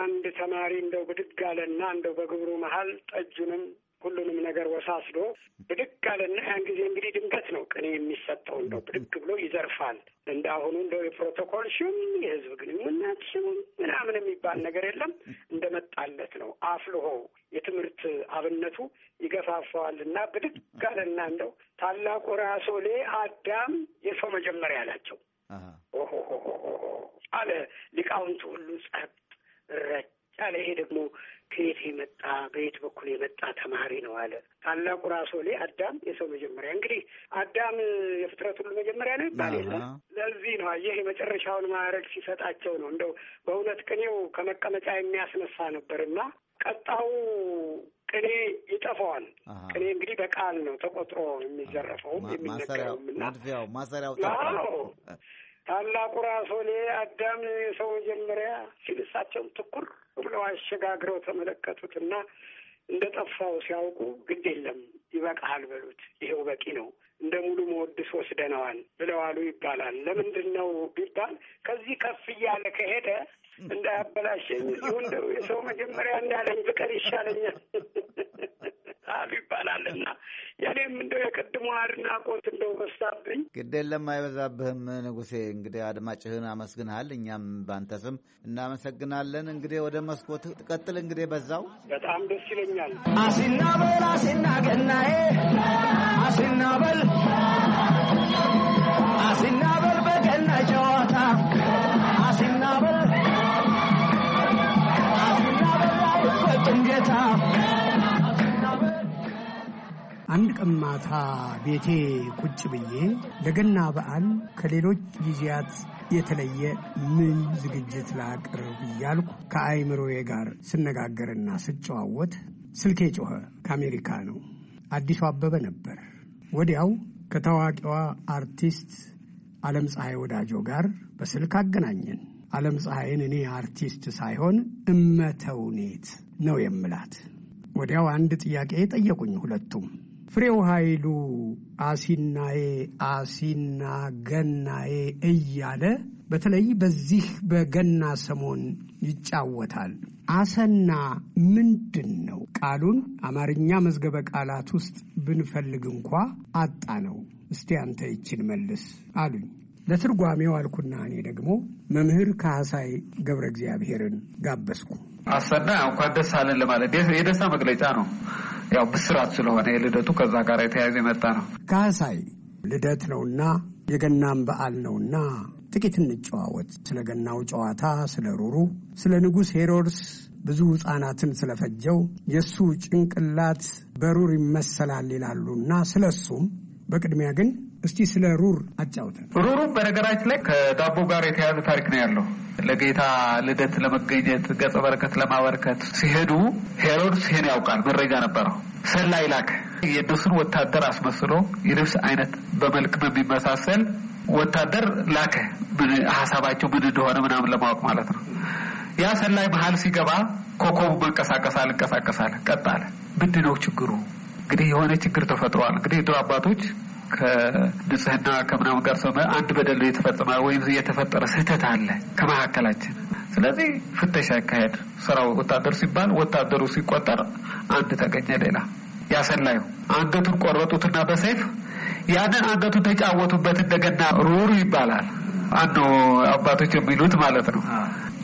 አንድ ተማሪ እንደው ብድግ አለና እንደው በግብሩ መሀል ጠጁንም ሁሉንም ነገር ወሳስዶ ብድግ አለና ያን ጊዜ እንግዲህ ድንገት ነው ቅኔ የሚሰጠው። እንደው ብድግ ብሎ ይዘርፋል። እንደ አሁኑ እንደው የፕሮቶኮል ሽም የህዝብ ግንኙነት ሽም ምናምን የሚባል ነገር የለም። እንደመጣለት ነው አፍልሆ የትምህርት አብነቱ ይገፋፈዋል እና ብድግ አለና እንደው ታላቁ ራሶሌ አዳም የሰው መጀመሪያ አላቸው። አለ ሊቃውንቱ ሁሉ ጸጥ ረጭ አለ። ይሄ ደግሞ ከየት የመጣ በየት በኩል የመጣ ተማሪ ነው አለ። ታላቁ ራሶ ላይ አዳም የሰው መጀመሪያ እንግዲህ አዳም የፍጥረት ሁሉ መጀመሪያ ነው ይባል የለ። ለዚህ ነው ይህ የመጨረሻውን ማዕረግ ሲሰጣቸው ነው። እንደው በእውነት ቅኔው ከመቀመጫ የሚያስነሳ ነበርና ቀጣው ቅኔ ይጠፋዋል። ቅኔ እንግዲህ በቃል ነው ተቆጥሮ የሚዘረፈውም የሚነገረውም ማሰሪያው ማሰሪያው ታላቁ ራሶሌ አዳም የሰው መጀመሪያ ሲል ትኩር ብለው አሸጋግረው ተመለከቱትና እንደ ጠፋው ሲያውቁ ግድ የለም ይበቃሃል በሉት፣ ይሄው በቂ ነው፣ እንደ ሙሉ መወድስ ወስደነዋል ብለዋሉ ይባላል። ለምንድን ነው ቢባል ከዚህ ከፍ እያለ ከሄደ እንዳያበላሸኝ ይሁን የሰው መጀመሪያ እንዳለኝ ፍቅር ይሻለኛል። ጸሐፊ ይባላል እና የኔም እንደው የቅድሞ አድናቆት እንደው በሳብኝ። ግዴለም አይበዛብህም ንጉሴ። እንግዲህ አድማጭህን አመስግንሃል፣ እኛም ባንተ ስም እናመሰግናለን። እንግዲህ ወደ መስኮት ትቀጥል። እንግዲህ በዛው በጣም ደስ ይለኛል። አሲናበል አሲና አሲናበል አንድ ቀን ማታ ቤቴ ቁጭ ብዬ ለገና በዓል ከሌሎች ጊዜያት የተለየ ምን ዝግጅት ላቅርብ እያልኩ ከአይምሮዬ ጋር ስነጋገርና ስጨዋወት ስልኬ ጮኸ። ከአሜሪካ ነው። አዲሱ አበበ ነበር። ወዲያው ከታዋቂዋ አርቲስት ዓለም ፀሐይ ወዳጆ ጋር በስልክ አገናኘን። ዓለም ፀሐይን እኔ አርቲስት ሳይሆን እመተውኔት ነው የምላት። ወዲያው አንድ ጥያቄ ጠየቁኝ ሁለቱም። ፍሬው ኃይሉ አሲናዬ አሲና ገናዬ እያለ በተለይ በዚህ በገና ሰሞን ይጫወታል። አሰና ምንድን ነው? ቃሉን አማርኛ መዝገበ ቃላት ውስጥ ብንፈልግ እንኳ አጣ ነው። እስቲ አንተ ይችን መልስ አሉኝ። ለትርጓሜው አልኩና እኔ ደግሞ መምህር ካህሳይ ገብረ እግዚአብሔርን ጋበዝኩ። አሰና እንኳን ደስ አለን ለማለት የደስታ መግለጫ ነው። ያው ብስራት ስለሆነ የልደቱ ከዛ ጋር የተያያዘ የመጣ ነው። ካሳይ ልደት ነውና የገናም በዓል ነውና ጥቂት እንጨዋወት። ስለ ገናው ጨዋታ፣ ስለ ሩሩ፣ ስለ ንጉሥ ሄሮድስ ብዙ ሕፃናትን ስለፈጀው የእሱ ጭንቅላት በሩር ይመሰላል ይላሉና ስለ እሱም በቅድሚያ ግን እስቲ ስለ ሩር አጫውተን። ሩሩ በነገራችን ላይ ከዳቦ ጋር የተያያዘ ታሪክ ነው ያለው። ለጌታ ልደት ለመገኘት ገጸ በረከት ለማበረከት ሲሄዱ ሄሮድስ ይሄን ያውቃል፣ መረጃ ነበረው። ሰላይ ላከ። የእነሱን ወታደር አስመስሎ የልብስ አይነት በመልክ በሚመሳሰል ወታደር ላከ። ሀሳባቸው ምን እንደሆነ ምናምን ለማወቅ ማለት ነው። ያ ሰላይ መሀል ሲገባ ኮከቡ መንቀሳቀሳል አልንቀሳቀስ ቀጣለ። ቀጥ ችግሩ? እንግዲህ የሆነ ችግር ተፈጥሯል። እንግዲህ የድሮ አባቶች ከንጽህና ከምናምን ጋር ሰ አንድ በደል የተፈጸመ ወይም የተፈጠረ ስህተት አለ ከመካከላችን። ስለዚህ ፍተሻ ይካሄድ። ስራው ወታደር ሲባል ወታደሩ ሲቆጠር አንድ ተገኘ ሌላ ያሰላዩ አንገቱን ቆረጡትና በሰይፍ ያንን አንገቱን ተጫወቱበት እንደገና ሩሩ ይባላል። አንዱ አባቶች የሚሉት ማለት ነው።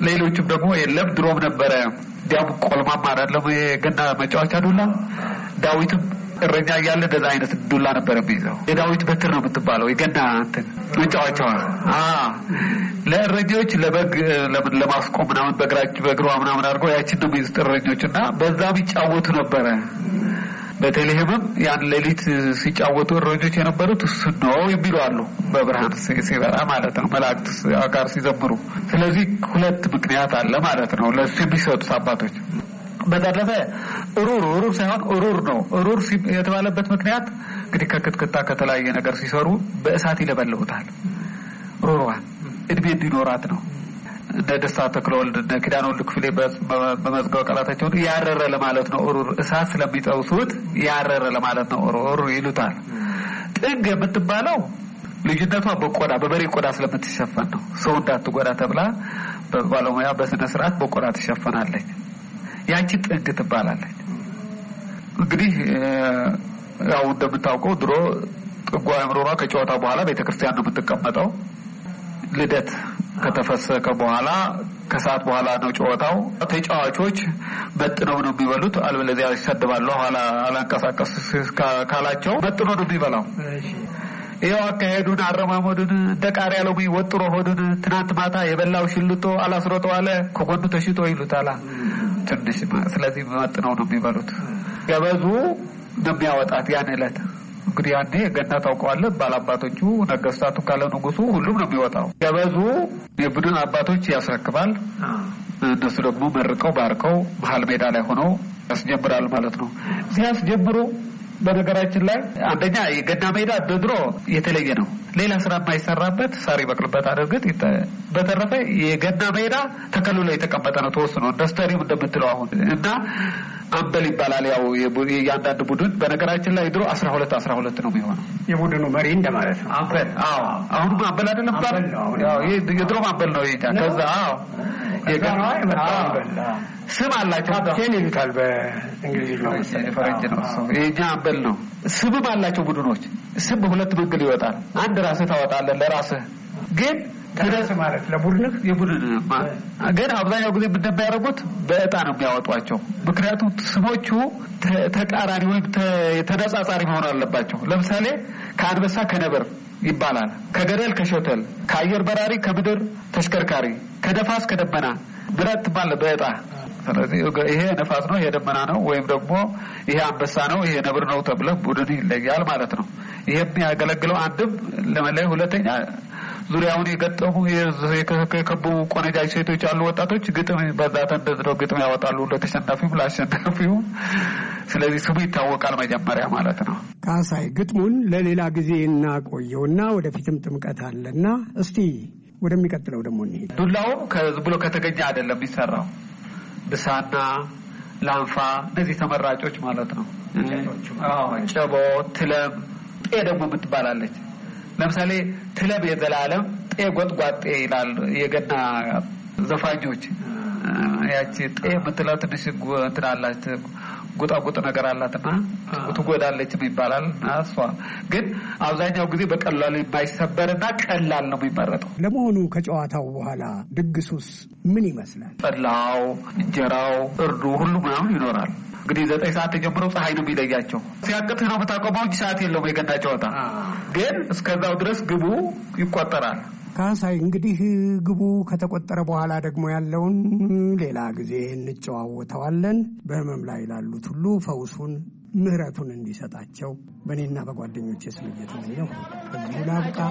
ሌሎችም ደግሞ የለም ድሮም ነበረ። እንዲያውም ቆልማማ አይደለም የገና መጫወቻ ዱላ ዳዊትም እረኛ እያለ እንደዛ አይነት ዱላ ነበር የሚይዘው። የዳዊት በትር ነው የምትባለው የገና እንትን መጫወቻዋ ለእረኞች ለበግ ለማስቆም ምናምን በግራጅ በእግሯ ምናምን አድርገው ያችን ነው የሚይዙት እረኞች እና በዛ ይጫወቱ ነበረ። በተለይምም ያን ሌሊት ሲጫወቱ እረኞች የነበሩት እሱ ነው የሚሉ አሉ። በብርሃን ሲበራ ማለት ነው መላእክት ጋር ሲዘምሩ። ስለዚህ ሁለት ምክንያት አለ ማለት ነው ለሱ የሚሰጡት አባቶች በተረፈ ሩር ሩር ሳይሆን ሩር ነው። ሩር የተባለበት ምክንያት እንግዲህ ከክትክታ ከተለያየ ነገር ሲሰሩ በእሳት ይለበልቡታል። ሩሯ እድሜ እንዲኖራት ነው። እንደ ደስታ ተክለወልድ ኪዳነ ወልድ ክፍሌ በመዝገበ ቃላታቸው ያረረ ለማለት ነው። ሩር እሳት ስለሚጠብሱት ያረረ ለማለት ነው። ሩር ይሉታል። ጥግ የምትባለው ልጅነቷ በቆዳ በበሬ ቆዳ ስለምትሸፈን ነው። ሰው እንዳትጎዳ ተብላ በባለሙያ በስነ ስርዓት በቆዳ ትሸፈናለች። ያቺ ጥግ ትባላለች። እንግዲህ ያው እንደምታውቀው ድሮ ጥጓ አእምሮሯ ከጨዋታ በኋላ ቤተክርስቲያን ነው የምትቀመጠው። ልደት ከተፈሰከ በኋላ ከሰዓት በኋላ ነው ጨዋታው። ተጫዋቾች በጥነው ነው የሚበሉት፣ አለበለዚያ ይሰድባሉ። ኋላ አላንቀሳቀስ ካላቸው በጥኖ ነው የሚበላው። ይኸው አካሄዱን አረማመዱን እንደ ቃሪያ ሎሚ ወጥሮ ሆዱን ትናንት ማታ የበላው ሽልጦ አላስሮጠው አለ ከጎኑ ተሽጦ ይሉታል። ትንሽ ስለዚህ መጥነው ነው የሚበሉት። ገበዙ ነው የሚያወጣት ያን ዕለት እንግዲህ አንዴ ገና ታውቀዋለህ። ባለአባቶቹ ነገስታቱ ካለ ንጉሱ ሁሉም ነው የሚወጣው። ገበዙ የቡድን አባቶች ያስረክባል። እነሱ ደግሞ መርቀው ባርከው መሀል ሜዳ ላይ ሆነው ያስጀምራል ማለት ነው። እዚህ ያስጀምሩ በነገራችን ላይ አንደኛ የገና ሜዳ ድሮ የተለየ ነው። ሌላ ስራ የማይሰራበት ሳር ይበቅልበታል። አድርግት። በተረፈ የገና ሜዳ ተከልሎ የተቀመጠ ነው ተወስኖ እንደ ስታዲየም እንደምትለው አሁን እና አምበል ይባላል። ያው የእያንዳንድ ቡድን በነገራችን ላይ ድሮ አስራ ሁለት አስራ ሁለት ነው የሚሆነው የቡድኑ መሪ እንደማለት ነው። አምበል አዎ፣ አሁንም አምበል አይደለም የድሮ የድሮም አምበል ነው። ይታ ከዛ አዎ ስም አላቸው። ካፕቴን ይሉታል በእንግሊዝ ነው ፈረንጅ ነው የእኛ አምበል ነው። ስምም አላቸው ቡድኖች። ስም በሁለት መንገድ ይወጣል። አንድ ራስህ ታወጣለህ ለራስህ ግን ድረስ ማለት ለቡድንህ የቡድን ግን አብዛኛው ጊዜ ምንድን የሚያደርጉት በእጣ ነው የሚያወጧቸው። ምክንያቱም ስሞቹ ተቃራኒ ወይም ተነጻጻሪ መሆን አለባቸው። ለምሳሌ ከአንበሳ ከነብር ይባላል። ከገደል ከሾተል፣ ከአየር በራሪ ከምድር ተሽከርካሪ፣ ከነፋስ ከደመና ብረት ትባል በእጣ ስለዚህ ይሄ ነፋስ ነው፣ ይሄ ደመና ነው፣ ወይም ደግሞ ይሄ አንበሳ ነው፣ ይሄ ነብር ነው ተብለህ ቡድን ይለያል ማለት ነው። ይሄ የሚያገለግለው አንድም ለመለይ ሁለተኛ ዙሪያውን የገጠሙ የከቡ ቆነጃጅ ሴቶች ያሉ ወጣቶች ግጥም በዛ ተንደዝረው ግጥም ያወጣሉ ለተሸናፊም ለአሸናፊው። ስለዚህ ስሙ ይታወቃል መጀመሪያ ማለት ነው። ካሳይ ግጥሙን ለሌላ ጊዜ እናቆየውና ወደፊትም ጥምቀት አለና እስቲ ወደሚቀጥለው ደግሞ እንሄድ። ዱላውም ከዝ ብሎ ከተገኘ አይደለም የሚሰራው ብሳና ላንፋ እነዚህ ተመራጮች ማለት ነው። ጨቦ ትለም ጤ ደግሞ የምትባላለች ለምሳሌ ትለብ የዘላለም ጤ ጎጥጓጤ ይላል የገና ዘፋኞች። ያቺ ጤ የምትለው ትንሽ እንትን አላት ጉጣጉጥ ነገር አላትና ትጎዳለች ይባላል። እሷ ግን አብዛኛው ጊዜ በቀላሉ የማይሰበርና ቀላል ነው የሚመረጠው። ለመሆኑ ከጨዋታው በኋላ ድግሱስ ምን ይመስላል? ጠላው፣ እንጀራው፣ እርዱ ሁሉ ምናምን ይኖራል። እንግዲህ ዘጠኝ ሰዓት ተጀምረው ፀሐይ ነው የሚለያቸው። ሲያቅትህ ነው የምታቆመው እንጂ ሰዓት የለውም የገና ጨዋታ። ግን እስከዛው ድረስ ግቡ ይቆጠራል። ካሳይ እንግዲህ ግቡ ከተቆጠረ በኋላ ደግሞ ያለውን ሌላ ጊዜ እንጨዋወተዋለን። በህመም ላይ ላሉት ሁሉ ፈውሱን ምሕረቱን እንዲሰጣቸው በእኔና በጓደኞች። ስም እየተመኘሁ በዚሁ ላብቃ።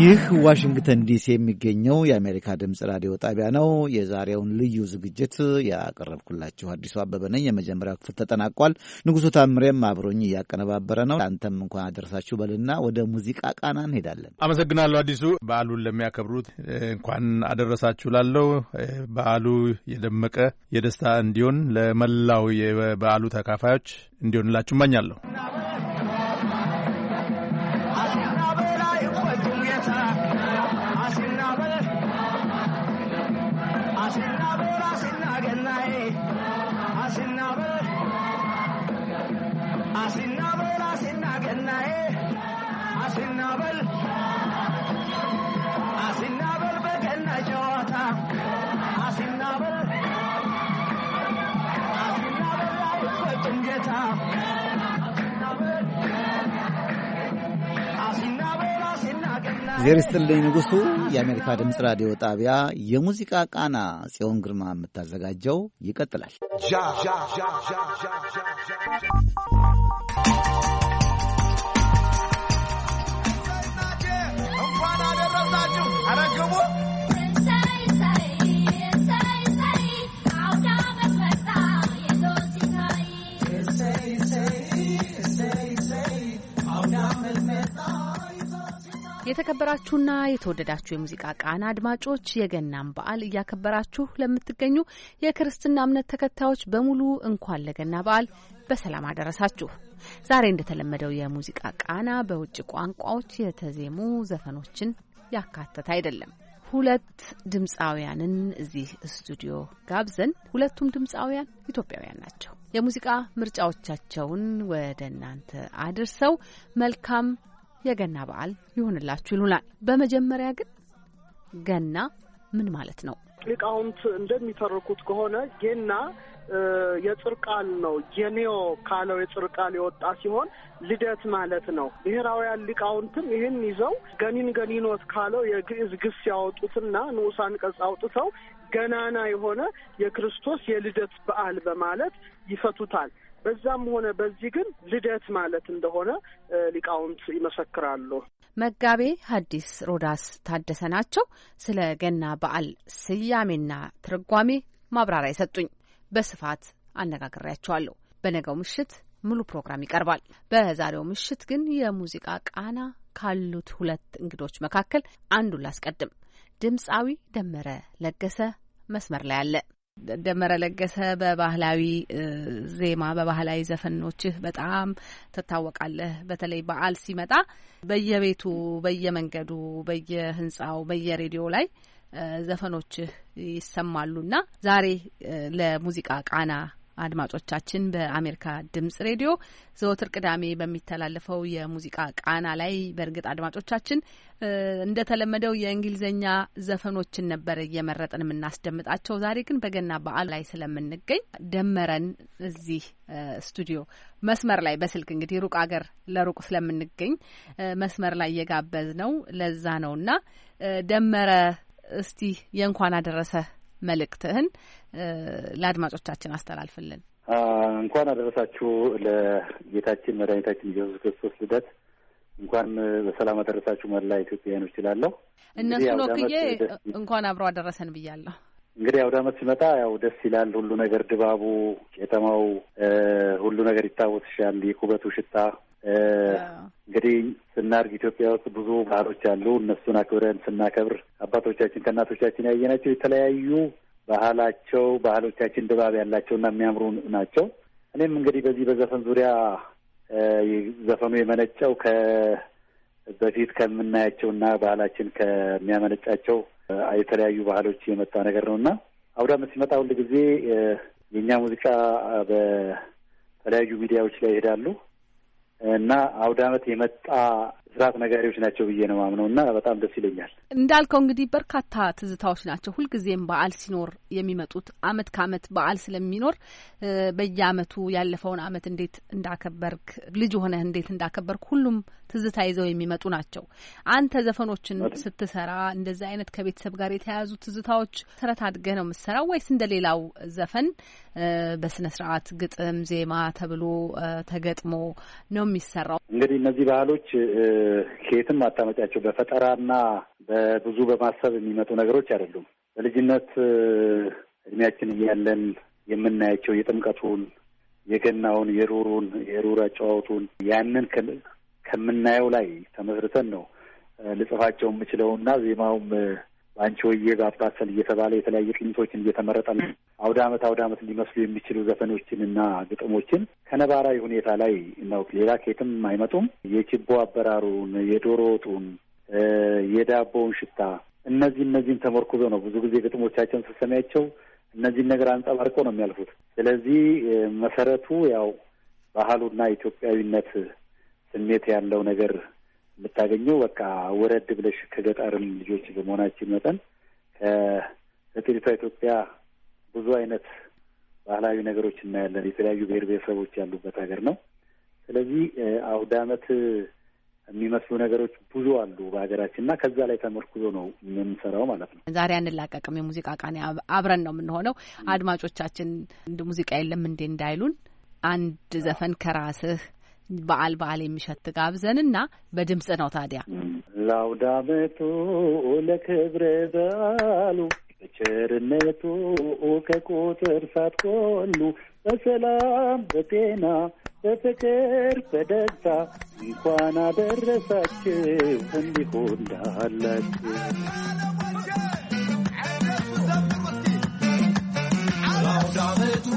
ይህ ዋሽንግተን ዲሲ የሚገኘው የአሜሪካ ድምፅ ራዲዮ ጣቢያ ነው። የዛሬውን ልዩ ዝግጅት ያቀረብኩላችሁ አዲሱ አበበ ነኝ። የመጀመሪያው ክፍል ተጠናቋል። ንጉሱ ታምሬም አብሮኝ እያቀነባበረ ነው። አንተም እንኳን አደረሳችሁ በልና ወደ ሙዚቃ ቃና እንሄዳለን። አመሰግናለሁ አዲሱ። በዓሉን ለሚያከብሩት እንኳን አደረሳችሁ ላለው በዓሉ የደመቀ የደስታ እንዲሆን ለመላው የበዓሉ ተካፋዮች እንዲሆንላችሁ እመኛለሁ። አሲናበል አሲናበል በገና ጨዋታ አሲናበል አሲናበል ጌታ ይስጥልኝ ንጉሡ። የአሜሪካ ድምፅ ራዲዮ ጣቢያ የሙዚቃ ቃና ጽዮን ግርማ የምታዘጋጀው ይቀጥላል። የተከበራችሁና የተወደዳችሁ የሙዚቃ ቃና አድማጮች የገናን በዓል እያከበራችሁ ለምትገኙ የክርስትና እምነት ተከታዮች በሙሉ እንኳን ለገና በዓል በሰላም አደረሳችሁ። ዛሬ እንደተለመደው የሙዚቃ ቃና በውጭ ቋንቋዎች የተዜሙ ዘፈኖችን ያካተተ አይደለም። ሁለት ድምፃውያንን እዚህ ስቱዲዮ ጋብዘን ሁለቱም ድምፃውያን ኢትዮጵያውያን ናቸው። የሙዚቃ ምርጫዎቻቸውን ወደ እናንተ አድርሰው መልካም የገና በዓል ይሁንላችሁ ይሉናል። በመጀመሪያ ግን ገና ምን ማለት ነው? ሊቃውንት እንደሚተርኩት ከሆነ ገና የጽር ቃል ነው። ጄኔዮ ካለው የጽር ቃል የወጣ ሲሆን ልደት ማለት ነው። ብሔራውያን ሊቃውንትም ይህን ይዘው ገኒን ገኒኖት ካለው የግዕዝ ግስ ያወጡትና ንዑስ አንቀጽ አውጥተው ገናና የሆነ የክርስቶስ የልደት በዓል በማለት ይፈቱታል። በዛም ሆነ በዚህ ግን ልደት ማለት እንደሆነ ሊቃውንት ይመሰክራሉ። መጋቤ ሐዲስ ሮዳስ ታደሰ ናቸው። ስለ ገና በዓል ስያሜና ትርጓሜ ማብራሪያ ይሰጡኝ። በስፋት አነጋግሬያቸዋለሁ። በነገው ምሽት ሙሉ ፕሮግራም ይቀርባል። በዛሬው ምሽት ግን የሙዚቃ ቃና ካሉት ሁለት እንግዶች መካከል አንዱን ላስቀድም። ድምፃዊ ደመረ ለገሰ መስመር ላይ አለ። ደመረ ለገሰ በባህላዊ ዜማ በባህላዊ ዘፈኖችህ በጣም ትታወቃለህ። በተለይ በዓል ሲመጣ በየቤቱ፣ በየመንገዱ፣ በየህንፃው በየሬዲዮ ላይ ዘፈኖችህ ይሰማሉና ዛሬ ለሙዚቃ ቃና አድማጮቻችን በአሜሪካ ድምጽ ሬዲዮ ዘወትር ቅዳሜ በሚተላለፈው የሙዚቃ ቃና ላይ በእርግጥ አድማጮቻችን እንደተለመደው የእንግሊዝኛ ዘፈኖችን ነበር እየመረጥን የምናስደምጣቸው። ዛሬ ግን በገና በዓል ላይ ስለምንገኝ ደመረን እዚህ ስቱዲዮ መስመር ላይ በስልክ እንግዲህ ሩቅ አገር ለሩቅ ስለምንገኝ መስመር ላይ እየጋበዝ ነው ለዛ እና ደመረ እስቲ የእንኳን አደረሰ መልእክትህን ለአድማጮቻችን አስተላልፍልን። እንኳን አደረሳችሁ ለጌታችን መድኃኒታችን ኢየሱስ ክርስቶስ ልደት እንኳን በሰላም አደረሳችሁ መላ ኢትዮጵያውያኖች እላለሁ። እነሱን ወክዬ እንኳን አብሮ አደረሰን ብያለሁ። እንግዲህ አውደ ዓመት ሲመጣ ያው ደስ ይላል። ሁሉ ነገር ድባቡ፣ ቄጠማው፣ ሁሉ ነገር ይታወስሻል። የኩበቱ ሽታ እንግዲህ ስናድግ ኢትዮጵያ ውስጥ ብዙ ባህሎች አሉ። እነሱን አክብረን ስናከብር አባቶቻችን ከእናቶቻችን ያየናቸው የተለያዩ ባህላቸው ባህሎቻችን ድባብ ያላቸው እና የሚያምሩ ናቸው። እኔም እንግዲህ በዚህ በዘፈን ዙሪያ ዘፈኑ የመነጨው ከምናያቸው እና ባህላችን ከሚያመነጫቸው የተለያዩ ባህሎች የመጣ ነገር ነው እና አውዳመ ሲመጣ ሁል ጊዜ የእኛ ሙዚቃ በተለያዩ ሚዲያዎች ላይ ይሄዳሉ። እና አውደ ዓመት የመጣ ስርዓት ነጋሪዎች ናቸው ብዬ ነው ማምነው እና በጣም ደስ ይለኛል። እንዳልከው እንግዲህ በርካታ ትዝታዎች ናቸው። ሁልጊዜም በዓል ሲኖር የሚመጡት አመት ከአመት በዓል ስለሚኖር በየአመቱ ያለፈውን አመት እንዴት እንዳከበርክ ልጅ ሆነህ እንዴት እንዳከበርክ ሁሉም ትዝታ ይዘው የሚመጡ ናቸው። አንተ ዘፈኖችን ስትሰራ እንደዚህ አይነት ከቤተሰብ ጋር የተያያዙ ትዝታዎች ተረት አድገህ ነው የምትሰራው ወይስ እንደ ሌላው ዘፈን በስነ ስርዓት ግጥም፣ ዜማ ተብሎ ተገጥሞ ነው የሚሰራው? እንግዲህ እነዚህ ባህሎች ከየትም አታመጫቸው። በፈጠራና በብዙ በማሰብ የሚመጡ ነገሮች አይደሉም። በልጅነት እድሜያችን እያለን የምናያቸው የጥምቀቱን፣ የገናውን፣ የሩሩን፣ የሩር አጨዋወቱን ያንን ከምናየው ላይ ተመስርተን ነው ልጽፋቸው የምችለውና ዜማውም አንቺ ወዬ በአባሰል እየተባለ የተለያየ ቅኝቶችን እየተመረጠ አውደ አመት አውደ አመት ሊመስሉ የሚችሉ ዘፈኖችን እና ግጥሞችን ከነባራዊ ሁኔታ ላይ ነው። ሌላ ኬትም አይመጡም። የችቦ አበራሩን፣ የዶሮ ወጡን፣ የዳቦውን ሽታ እነዚህ እነዚህን ተመርኩዞ ነው ብዙ ጊዜ ግጥሞቻቸውን ስሰሚያቸው እነዚህን ነገር አንጸባርቀው ነው የሚያልፉት። ስለዚህ መሰረቱ ያው ባህሉና ኢትዮጵያዊነት ስሜት ያለው ነገር የምታገኘው በቃ ወረድ ብለሽ ከገጠርም ልጆች በመሆናችን መጠን ከገጠሪቷ ኢትዮጵያ ብዙ አይነት ባህላዊ ነገሮች እናያለን። የተለያዩ ብሔር ብሔረሰቦች ያሉበት ሀገር ነው። ስለዚህ አውደ ዓመት የሚመስሉ ነገሮች ብዙ አሉ በሀገራችን እና ከዛ ላይ ተመርኩዞ ነው የምንሰራው ማለት ነው። ዛሬ አንላቀቅም። የሙዚቃ ቃን አብረን ነው የምንሆነው። አድማጮቻችን እንደ ሙዚቃ የለም እንዴ እንዳይሉን አንድ ዘፈን ከራስህ በዓል በዓል የሚሸት ጋብዘንና በድምጽ ነው ታዲያ ላውዳመቱ ለክብረ በዓሉ በቸርነቱ ከቁጥር ሳትቆሉ በሰላም በጤና በፍቅር በደስታ እንኳን አደረሳችሁ እንዲሁ እንዳላችሁ ላውዳመቱ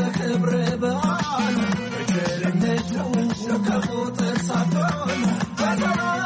ለክብረ በዓሉ Shaka, shaka, shaka,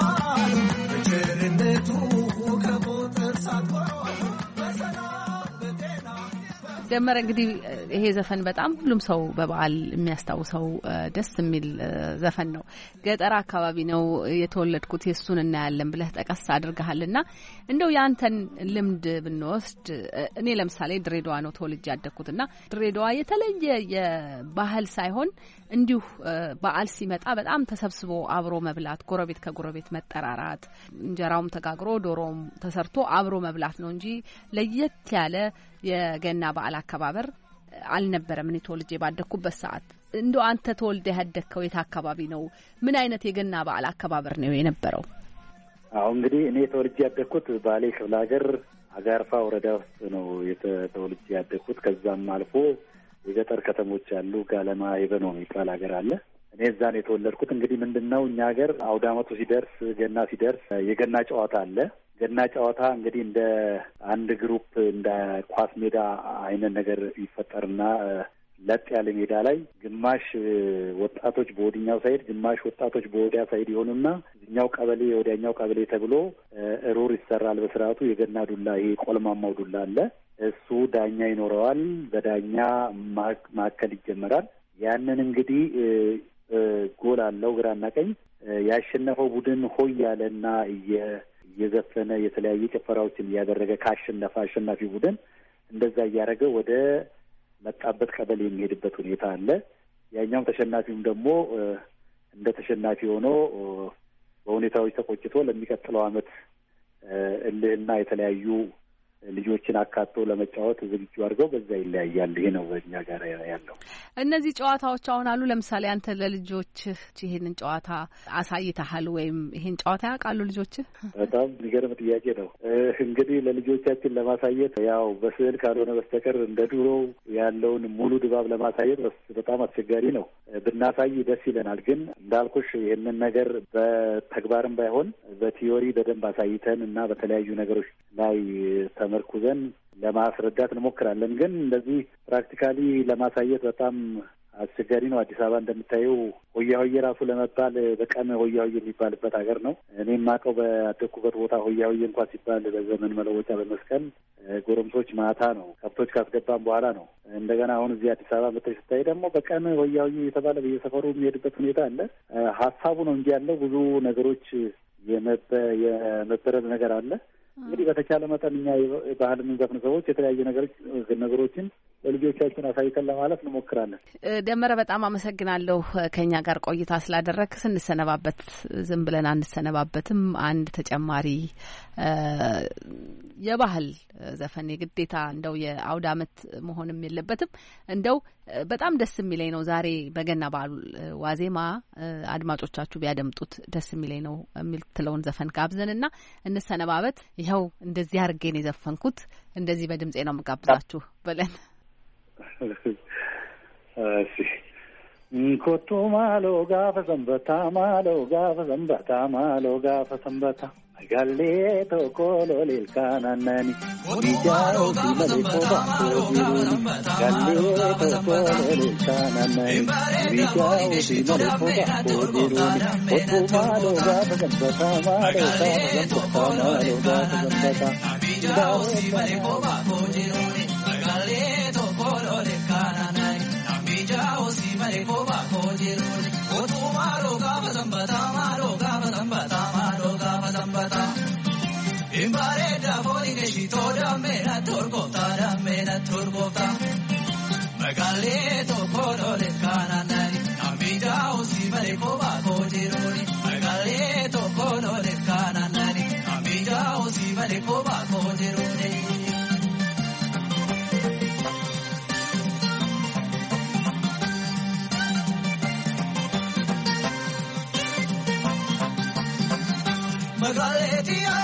ሲጀመር እንግዲህ ይሄ ዘፈን በጣም ሁሉም ሰው በበዓል የሚያስታውሰው ደስ የሚል ዘፈን ነው። ገጠር አካባቢ ነው የተወለድኩት የእሱን እናያለን ብለህ ጠቀስ አድርገሃል እና እንደው የአንተን ልምድ ብንወስድ እኔ ለምሳሌ ድሬዳዋ ነው ተወልጄ ያደግኩት እና ድሬዳዋ የተለየ የባህል ሳይሆን እንዲሁ በዓል ሲመጣ በጣም ተሰብስቦ አብሮ መብላት፣ ጎረቤት ከጎረቤት መጠራራት፣ እንጀራውም ተጋግሮ ዶሮም ተሰርቶ አብሮ መብላት ነው እንጂ ለየት ያለ የገና በዓል አከባበር አልነበረም። እኔ ተወልጄ ባደግኩበት ሰዓት እንደ አንተ ተወልደ ያደግከው የት አካባቢ ነው? ምን አይነት የገና በዓል አከባበር ነው የነበረው? አሁ እንግዲህ እኔ ተወልጄ ያደግኩት ባሌ ክፍለ ሀገር አጋርፋ ወረዳ ውስጥ ነው የተወልጄ ያደግኩት። ከዛም አልፎ የገጠር ከተሞች ያሉ ጋለማ ሄበኖ የሚባል ሀገር አለ። እኔ እዛን የተወለድኩት። እንግዲህ ምንድን ነው እኛ ሀገር አውደ አመቱ ሲደርስ ገና ሲደርስ የገና ጨዋታ አለ። ገና ጨዋታ እንግዲህ እንደ አንድ ግሩፕ እንደ ኳስ ሜዳ አይነት ነገር ይፈጠርና ለጥ ያለ ሜዳ ላይ ግማሽ ወጣቶች በወዲኛው ሳይድ፣ ግማሽ ወጣቶች በወዲያ ሳይድ የሆኑና እኛው ቀበሌ የወዲያኛው ቀበሌ ተብሎ ሩር ይሰራል። በስርዓቱ የገና ዱላ ይሄ ቆልማማው ዱላ አለ። እሱ ዳኛ ይኖረዋል። በዳኛ ማከል ይጀመራል። ያንን እንግዲህ ጎል አለው ግራና ቀኝ ያሸነፈው ቡድን ሆይ ያለና እየዘፈነ የተለያዩ ጭፈራዎችን እያደረገ ካሸነፈ አሸናፊ ቡድን እንደዛ እያደረገ ወደ መጣበት ቀበሌ የሚሄድበት ሁኔታ አለ። ያኛውም ተሸናፊውም ደግሞ እንደ ተሸናፊ ሆኖ በሁኔታዎች ተቆጭቶ ለሚቀጥለው ዓመት እልህና የተለያዩ ልጆችን አካቶ ለመጫወት ዝግጁ አድርገው በዛ ይለያያል። ይሄ ነው በእኛ ጋር ያለው። እነዚህ ጨዋታዎች አሁን አሉ። ለምሳሌ አንተ ለልጆችህ ይህንን ጨዋታ አሳይተሃል ወይም ይህን ጨዋታ ያውቃሉ ልጆችህ? በጣም የሚገርም ጥያቄ ነው። እንግዲህ ለልጆቻችን ለማሳየት ያው በስዕል ካልሆነ በስተቀር እንደ ድሮ ያለውን ሙሉ ድባብ ለማሳየት በጣም አስቸጋሪ ነው። ብናሳይ ደስ ይለናል። ግን እንዳልኩሽ ይህንን ነገር በተግባርም ባይሆን በቲዮሪ በደንብ አሳይተን እና በተለያዩ ነገሮች ላይ ተመርኩዘን ለማስረዳት እንሞክራለን። ግን እንደዚህ ፕራክቲካሊ ለማሳየት በጣም አስቸጋሪ ነው። አዲስ አበባ እንደምታየው ሆያ ሆዬ ራሱ ለመባል በቀን ሆያ ሆዬ የሚባልበት ሀገር ነው። እኔ ማቀው በአደኩበት ቦታ ሆያ ሆዬ እንኳ ሲባል በዘመን መለወጫ በመስቀል ጎረምሶች ማታ ነው፣ ከብቶች ካስገባም በኋላ ነው። እንደገና አሁን እዚህ አዲስ አበባ መጥተሽ ስታይ ደግሞ በቀን ሆያ ሆዬ የተባለ በየሰፈሩ የሚሄድበት ሁኔታ አለ። ሀሳቡ ነው እንጂ ያለው ብዙ ነገሮች የመበረዝ ነገር አለ። እንግዲህ በተቻለ መጠን እኛ የባህል የምንዘፍን ሰዎች የተለያየ ነገሮች ነገሮችን ለልጆቻችን አሳይተን ለማለት እንሞክራለን። ደመረ፣ በጣም አመሰግናለሁ ከኛ ጋር ቆይታ ስላደረግ። ስንሰነባበት ዝም ብለን አንሰነባበትም። አንድ ተጨማሪ የባህል ዘፈን የግዴታ እንደው የአውድ ዓመት መሆንም የለበትም። እንደው በጣም ደስ የሚለኝ ነው ዛሬ በገና በዓል ዋዜማ አድማጮቻችሁ ቢያደምጡት ደስ የሚለኝ ነው የሚልትለውን ዘፈን ጋብዘን እና እንሰነባበት። ይኸው እንደዚህ አድርጌ ነው የዘፈንኩት፣ እንደዚህ በድምፄ ነው የምጋብዛችሁ ብለን እሺ Nkotumaloo gaafa sanbataa maaloo gaafa sanbataa maaloo gaafa sanbataa magaallee tokko loleel kaanannani. Mijaaroo fi malee kophaa koo jiru magaallee tokko loleel kaanannani. Mijaaroo fi malee kophaa koo jiru nkotumaloo gaafa sanbataa maaloo gaafa sanbataa maaloo gaafa sanbataa. Mijaaroo fi malee kophaa koo jiru. ni koba ko jiru ko tu maro gaafa sanbata maro gaafa sanbata maro gaafa sanbata. Imbareeddaa foolii keeshitoo daammeedha torgooftaa daammeedha torgooftaa. Magaalee tokko lole kaanaan nani ammiidhaa osii malee koba ko jiruuni. Magaalee tokko lole kaanaan nani ammiidhaa osii malee koba ko jiruuni. Yeah, I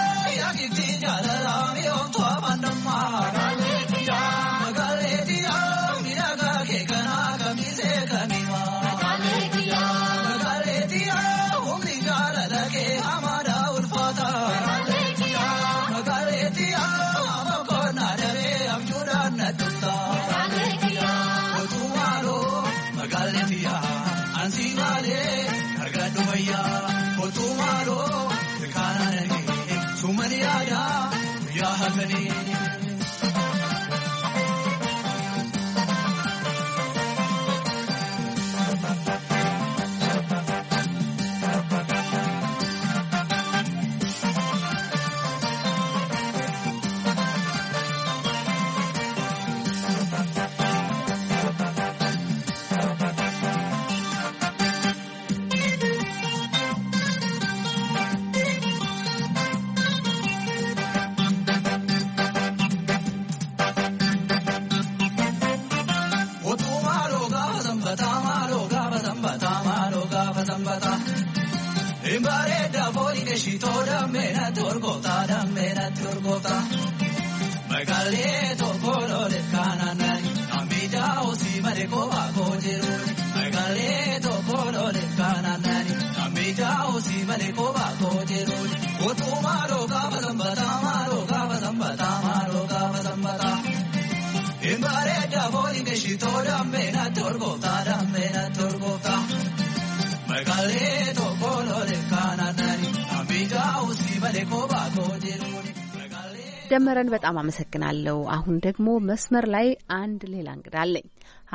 ደመረን በጣም አመሰግናለሁ። አሁን ደግሞ መስመር ላይ አንድ ሌላ እንግዳ አለኝ።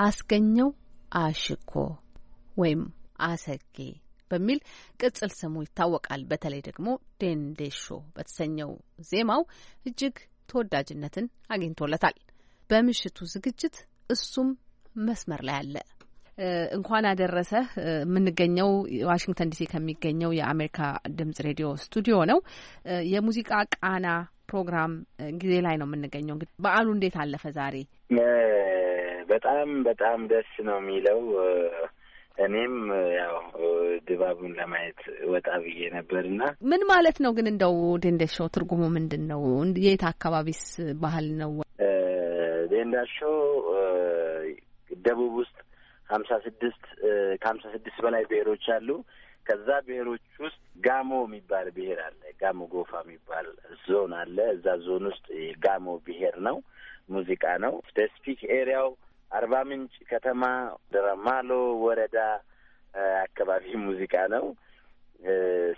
አስገኘው አሽኮ ወይም አሰጌ በሚል ቅጽል ስሙ ይታወቃል። በተለይ ደግሞ ዴንዴሾ በተሰኘው ዜማው እጅግ ተወዳጅነትን አግኝቶለታል። በምሽቱ ዝግጅት እሱም መስመር ላይ አለ። እንኳን አደረሰ። የምንገኘው ዋሽንግተን ዲሲ ከሚገኘው የአሜሪካ ድምጽ ሬዲዮ ስቱዲዮ ነው። የሙዚቃ ቃና ፕሮግራም ጊዜ ላይ ነው የምንገኘው። እንግዲህ በዓሉ እንዴት አለፈ ዛሬ? በጣም በጣም ደስ ነው የሚለው። እኔም ያው ድባቡን ለማየት ወጣ ብዬ ነበር እና ምን ማለት ነው ግን እንደው ዴንዴሾ ትርጉሙ ምንድን ነው? የት አካባቢስ ባህል ነው ዴንዳሾ? ደቡብ ውስጥ ሀምሳ ስድስት ከሀምሳ ስድስት በላይ ብሔሮች አሉ። ከዛ ብሔሮች ውስጥ ጋሞ የሚባል ብሔር አለ። ጋሞ ጎፋ የሚባል ዞን አለ። እዛ ዞን ውስጥ የጋሞ ብሔር ነው። ሙዚቃ ነው። ስፔሲፊክ ኤሪያው አርባ ምንጭ ከተማ ደረማሎ ወረዳ አካባቢ ሙዚቃ ነው።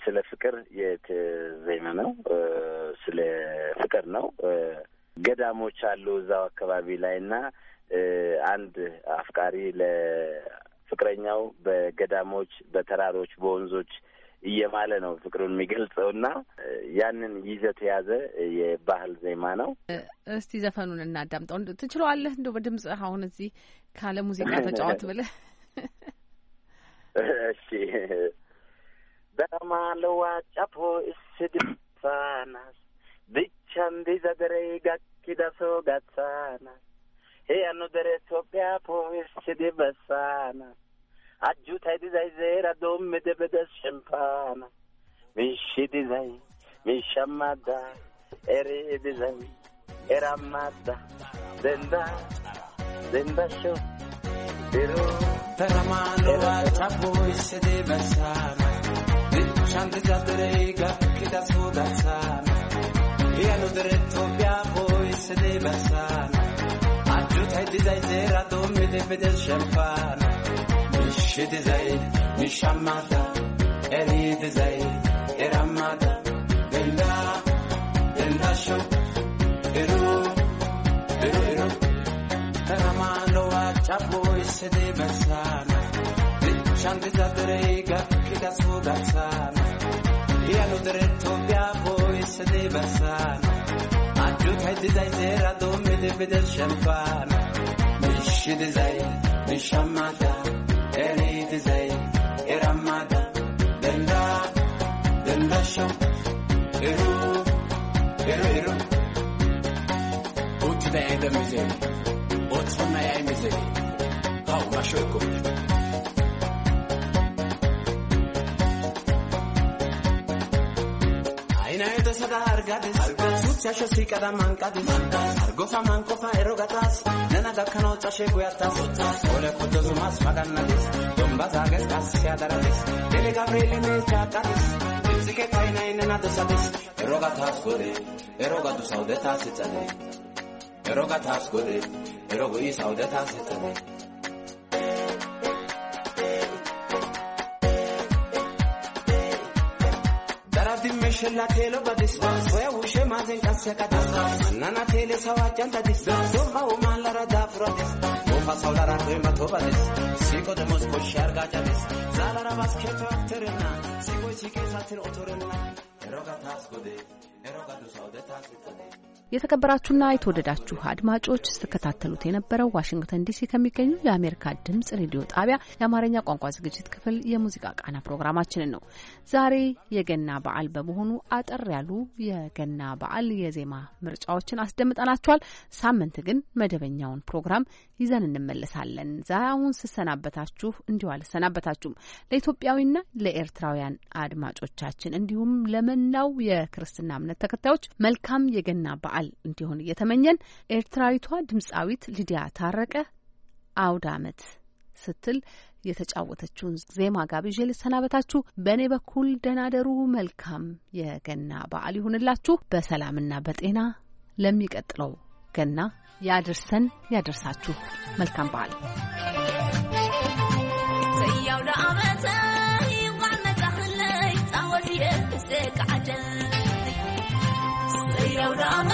ስለ ፍቅር የተዜመ ነው። ስለ ፍቅር ነው። ገዳሞች አሉ እዛው አካባቢ ላይ እና አንድ አፍቃሪ ለ ፍቅረኛው በገዳሞች፣ በተራሮች፣ በወንዞች እየማለ ነው ፍቅሩን የሚገልጸው እና ያንን ይዘት የያዘ የባህል ዜማ ነው። እስቲ ዘፈኑን እናዳምጠው። ትችለዋለህ? እንደው በድምጽ አሁን እዚህ ካለ ሙዚቃ ተጫወት ብለህ እሺ በማለዋ ጫፎ እስድሳናስ ብቻ እንዲዘገረይ ጋኪዳሶ ጋሳናስ Hey, anodere Toophphiyaa poo'issidi bessaana. Ajjuutay dizay zeera doommidi bedes shemppaana. Miishshi dizay miishsha madda eri dizay era madda denda, denda sho Pero biro peramaanowa tapoo'issidi bessaana. Dichan diza derey gakkida soo gassaana. I anodere Toophphiyaa poo'issidi bessaana utayti zay zera doommidi bidil shempaan mishiti zay mishammata eriidi zay erammata dendaa dendaasho iruu iru iru karamaan lowaa cabboysidii bessaana dichaan diza direy gakkida suu garsaana hiyanu dere toophiyaa booysidii bessaana dizayneeraatu mitifite shampana mishi dizay mishamata eri dizay eramata danda dandasho eru eru eru uti dayenda mizeri otsona ya mizeri kawu mashoiko. გადადეს და არ გადადეს სუცაშო სიკადა მანკადეს გოფა მანკოფა ეროგატას ნანა დაქანო წაშე გუათას ოლე ხოდოზ მას მაგანადეს დომბაზა გეს გასი ადარადეს დელე გაბრიელი მე ჩაკადეს ზიკე ტაინა ინენა დოსადეს ეროგატას გორე ეროგატუსავდე თასი წადე ეროგატას გორე ეროგი საუდე თასი წადე la telo ba disma oya u she ma zen kas ya kata na na tele sa wa janta disma so ma o ma la ra da fro disma o ma sa la ra re ma to ba disma si ko de mos ko shar ga ja disma za la ra bas ke to aktere na si ko si ke sa ter otore na ero ga tas go de ero ga du sa o de tas ko de የተከበራችሁና የተወደዳችሁ አድማጮች ስትከታተሉት የነበረው ዋሽንግተን ዲሲ ከሚገኙ የአሜሪካ ድምጽ ሬዲዮ ጣቢያ የአማርኛ ቋንቋ ዝግጅት ክፍል የሙዚቃ ቃና ፕሮግራማችንን ነው። ዛሬ የገና በዓል በመሆኑ አጠር ያሉ የገና በዓል የዜማ ምርጫዎችን አስደምጠናችኋል። ሳምንት ግን መደበኛውን ፕሮግራም ይዘን እንመለሳለን። ዛሁን ስሰናበታችሁ እንዲሁ አልሰናበታችሁም። ለኢትዮጵያዊና ለኤርትራውያን አድማጮቻችን እንዲሁም ለመላው የክርስትና እምነት ተከታዮች መልካም የገና በዓል በዓል እንዲሆን እየተመኘን ኤርትራዊቷ ድምፃዊት ሊዲያ ታረቀ አውድ ዓመት ስትል የተጫወተችውን ዜማ ጋብዤ ልሰናበታችሁ። በእኔ በኩል ደናደሩ መልካም የገና በዓል ይሁንላችሁ። በሰላምና በጤና ለሚቀጥለው ገና ያድርሰን ያደርሳችሁ። መልካም በዓል። I'm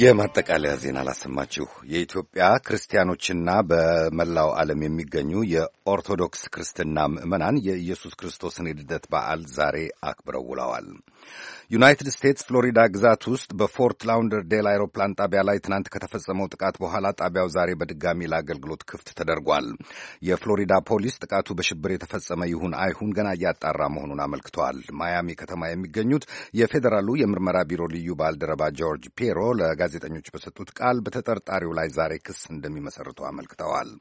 የማጠቃለያ ዜና ላሰማችሁ የኢትዮጵያ ክርስቲያኖችና በመላው ዓለም የሚገኙ የኦርቶዶክስ ክርስትና ምዕመናን የኢየሱስ ክርስቶስን የልደት በዓል ዛሬ አክብረው ውለዋል። ዩናይትድ ስቴትስ ፍሎሪዳ ግዛት ውስጥ በፎርት ዴል አይሮፕላን ጣቢያ ላይ ትናንት ከተፈጸመው ጥቃት በኋላ ጣቢያው ዛሬ በድጋሚ ለአገልግሎት ክፍት ተደርጓል። የፍሎሪዳ ፖሊስ ጥቃቱ በሽብር የተፈጸመ ይሁን አይሁን ገና እያጣራ መሆኑን አመልክተዋል። ማያሚ ከተማ የሚገኙት የፌዴራሉ የምርመራ ቢሮ ልዩ ባልደረባ ጆርጅ ፔሮ ለጋዜጠኞች በሰጡት ቃል በተጠርጣሪው ላይ ዛሬ ክስ እንደሚመሰርቱ አመልክተዋል።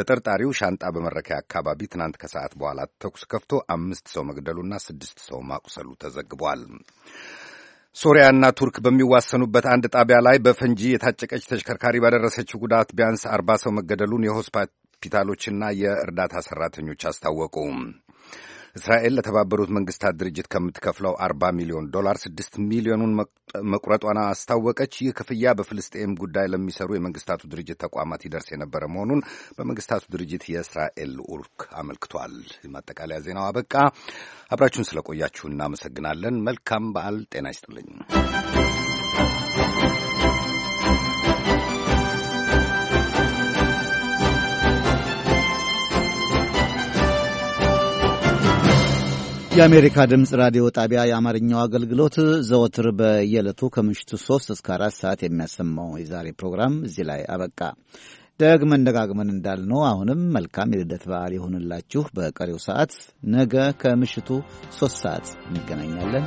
ተጠርጣሪው ሻንጣ በመረኪያ አካባቢ ትናንት ከሰዓት በኋላ ተኩስ ከፍቶ አምስት ሰው መግደሉና ስድስት ሰው ማቁሰሉ ተዘግቧል። ሶሪያና ቱርክ በሚዋሰኑበት አንድ ጣቢያ ላይ በፈንጂ የታጨቀች ተሽከርካሪ ባደረሰችው ጉዳት ቢያንስ አርባ ሰው መገደሉን የሆስፒታሎችና የእርዳታ ሰራተኞች አስታወቁ። እስራኤል ለተባበሩት መንግስታት ድርጅት ከምትከፍለው 40 ሚሊዮን ዶላር 6 ሚሊዮኑን መቁረጧን አስታወቀች። ይህ ክፍያ በፍልስጤም ጉዳይ ለሚሰሩ የመንግስታቱ ድርጅት ተቋማት ይደርስ የነበረ መሆኑን በመንግስታቱ ድርጅት የእስራኤል ልዑክ አመልክቷል። ማጠቃለያ ዜናው አበቃ። አብራችሁን ስለቆያችሁ እናመሰግናለን። መልካም በዓል። ጤና ይስጥልኝ። የአሜሪካ ድምፅ ራዲዮ ጣቢያ የአማርኛው አገልግሎት ዘወትር በየዕለቱ ከምሽቱ 3 እስከ 4 ሰዓት የሚያሰማው የዛሬ ፕሮግራም እዚህ ላይ አበቃ። ደግመን ደጋግመን እንዳልነው አሁንም መልካም የልደት በዓል የሆንላችሁ። በቀሪው ሰዓት ነገ ከምሽቱ 3 ሰዓት እንገናኛለን።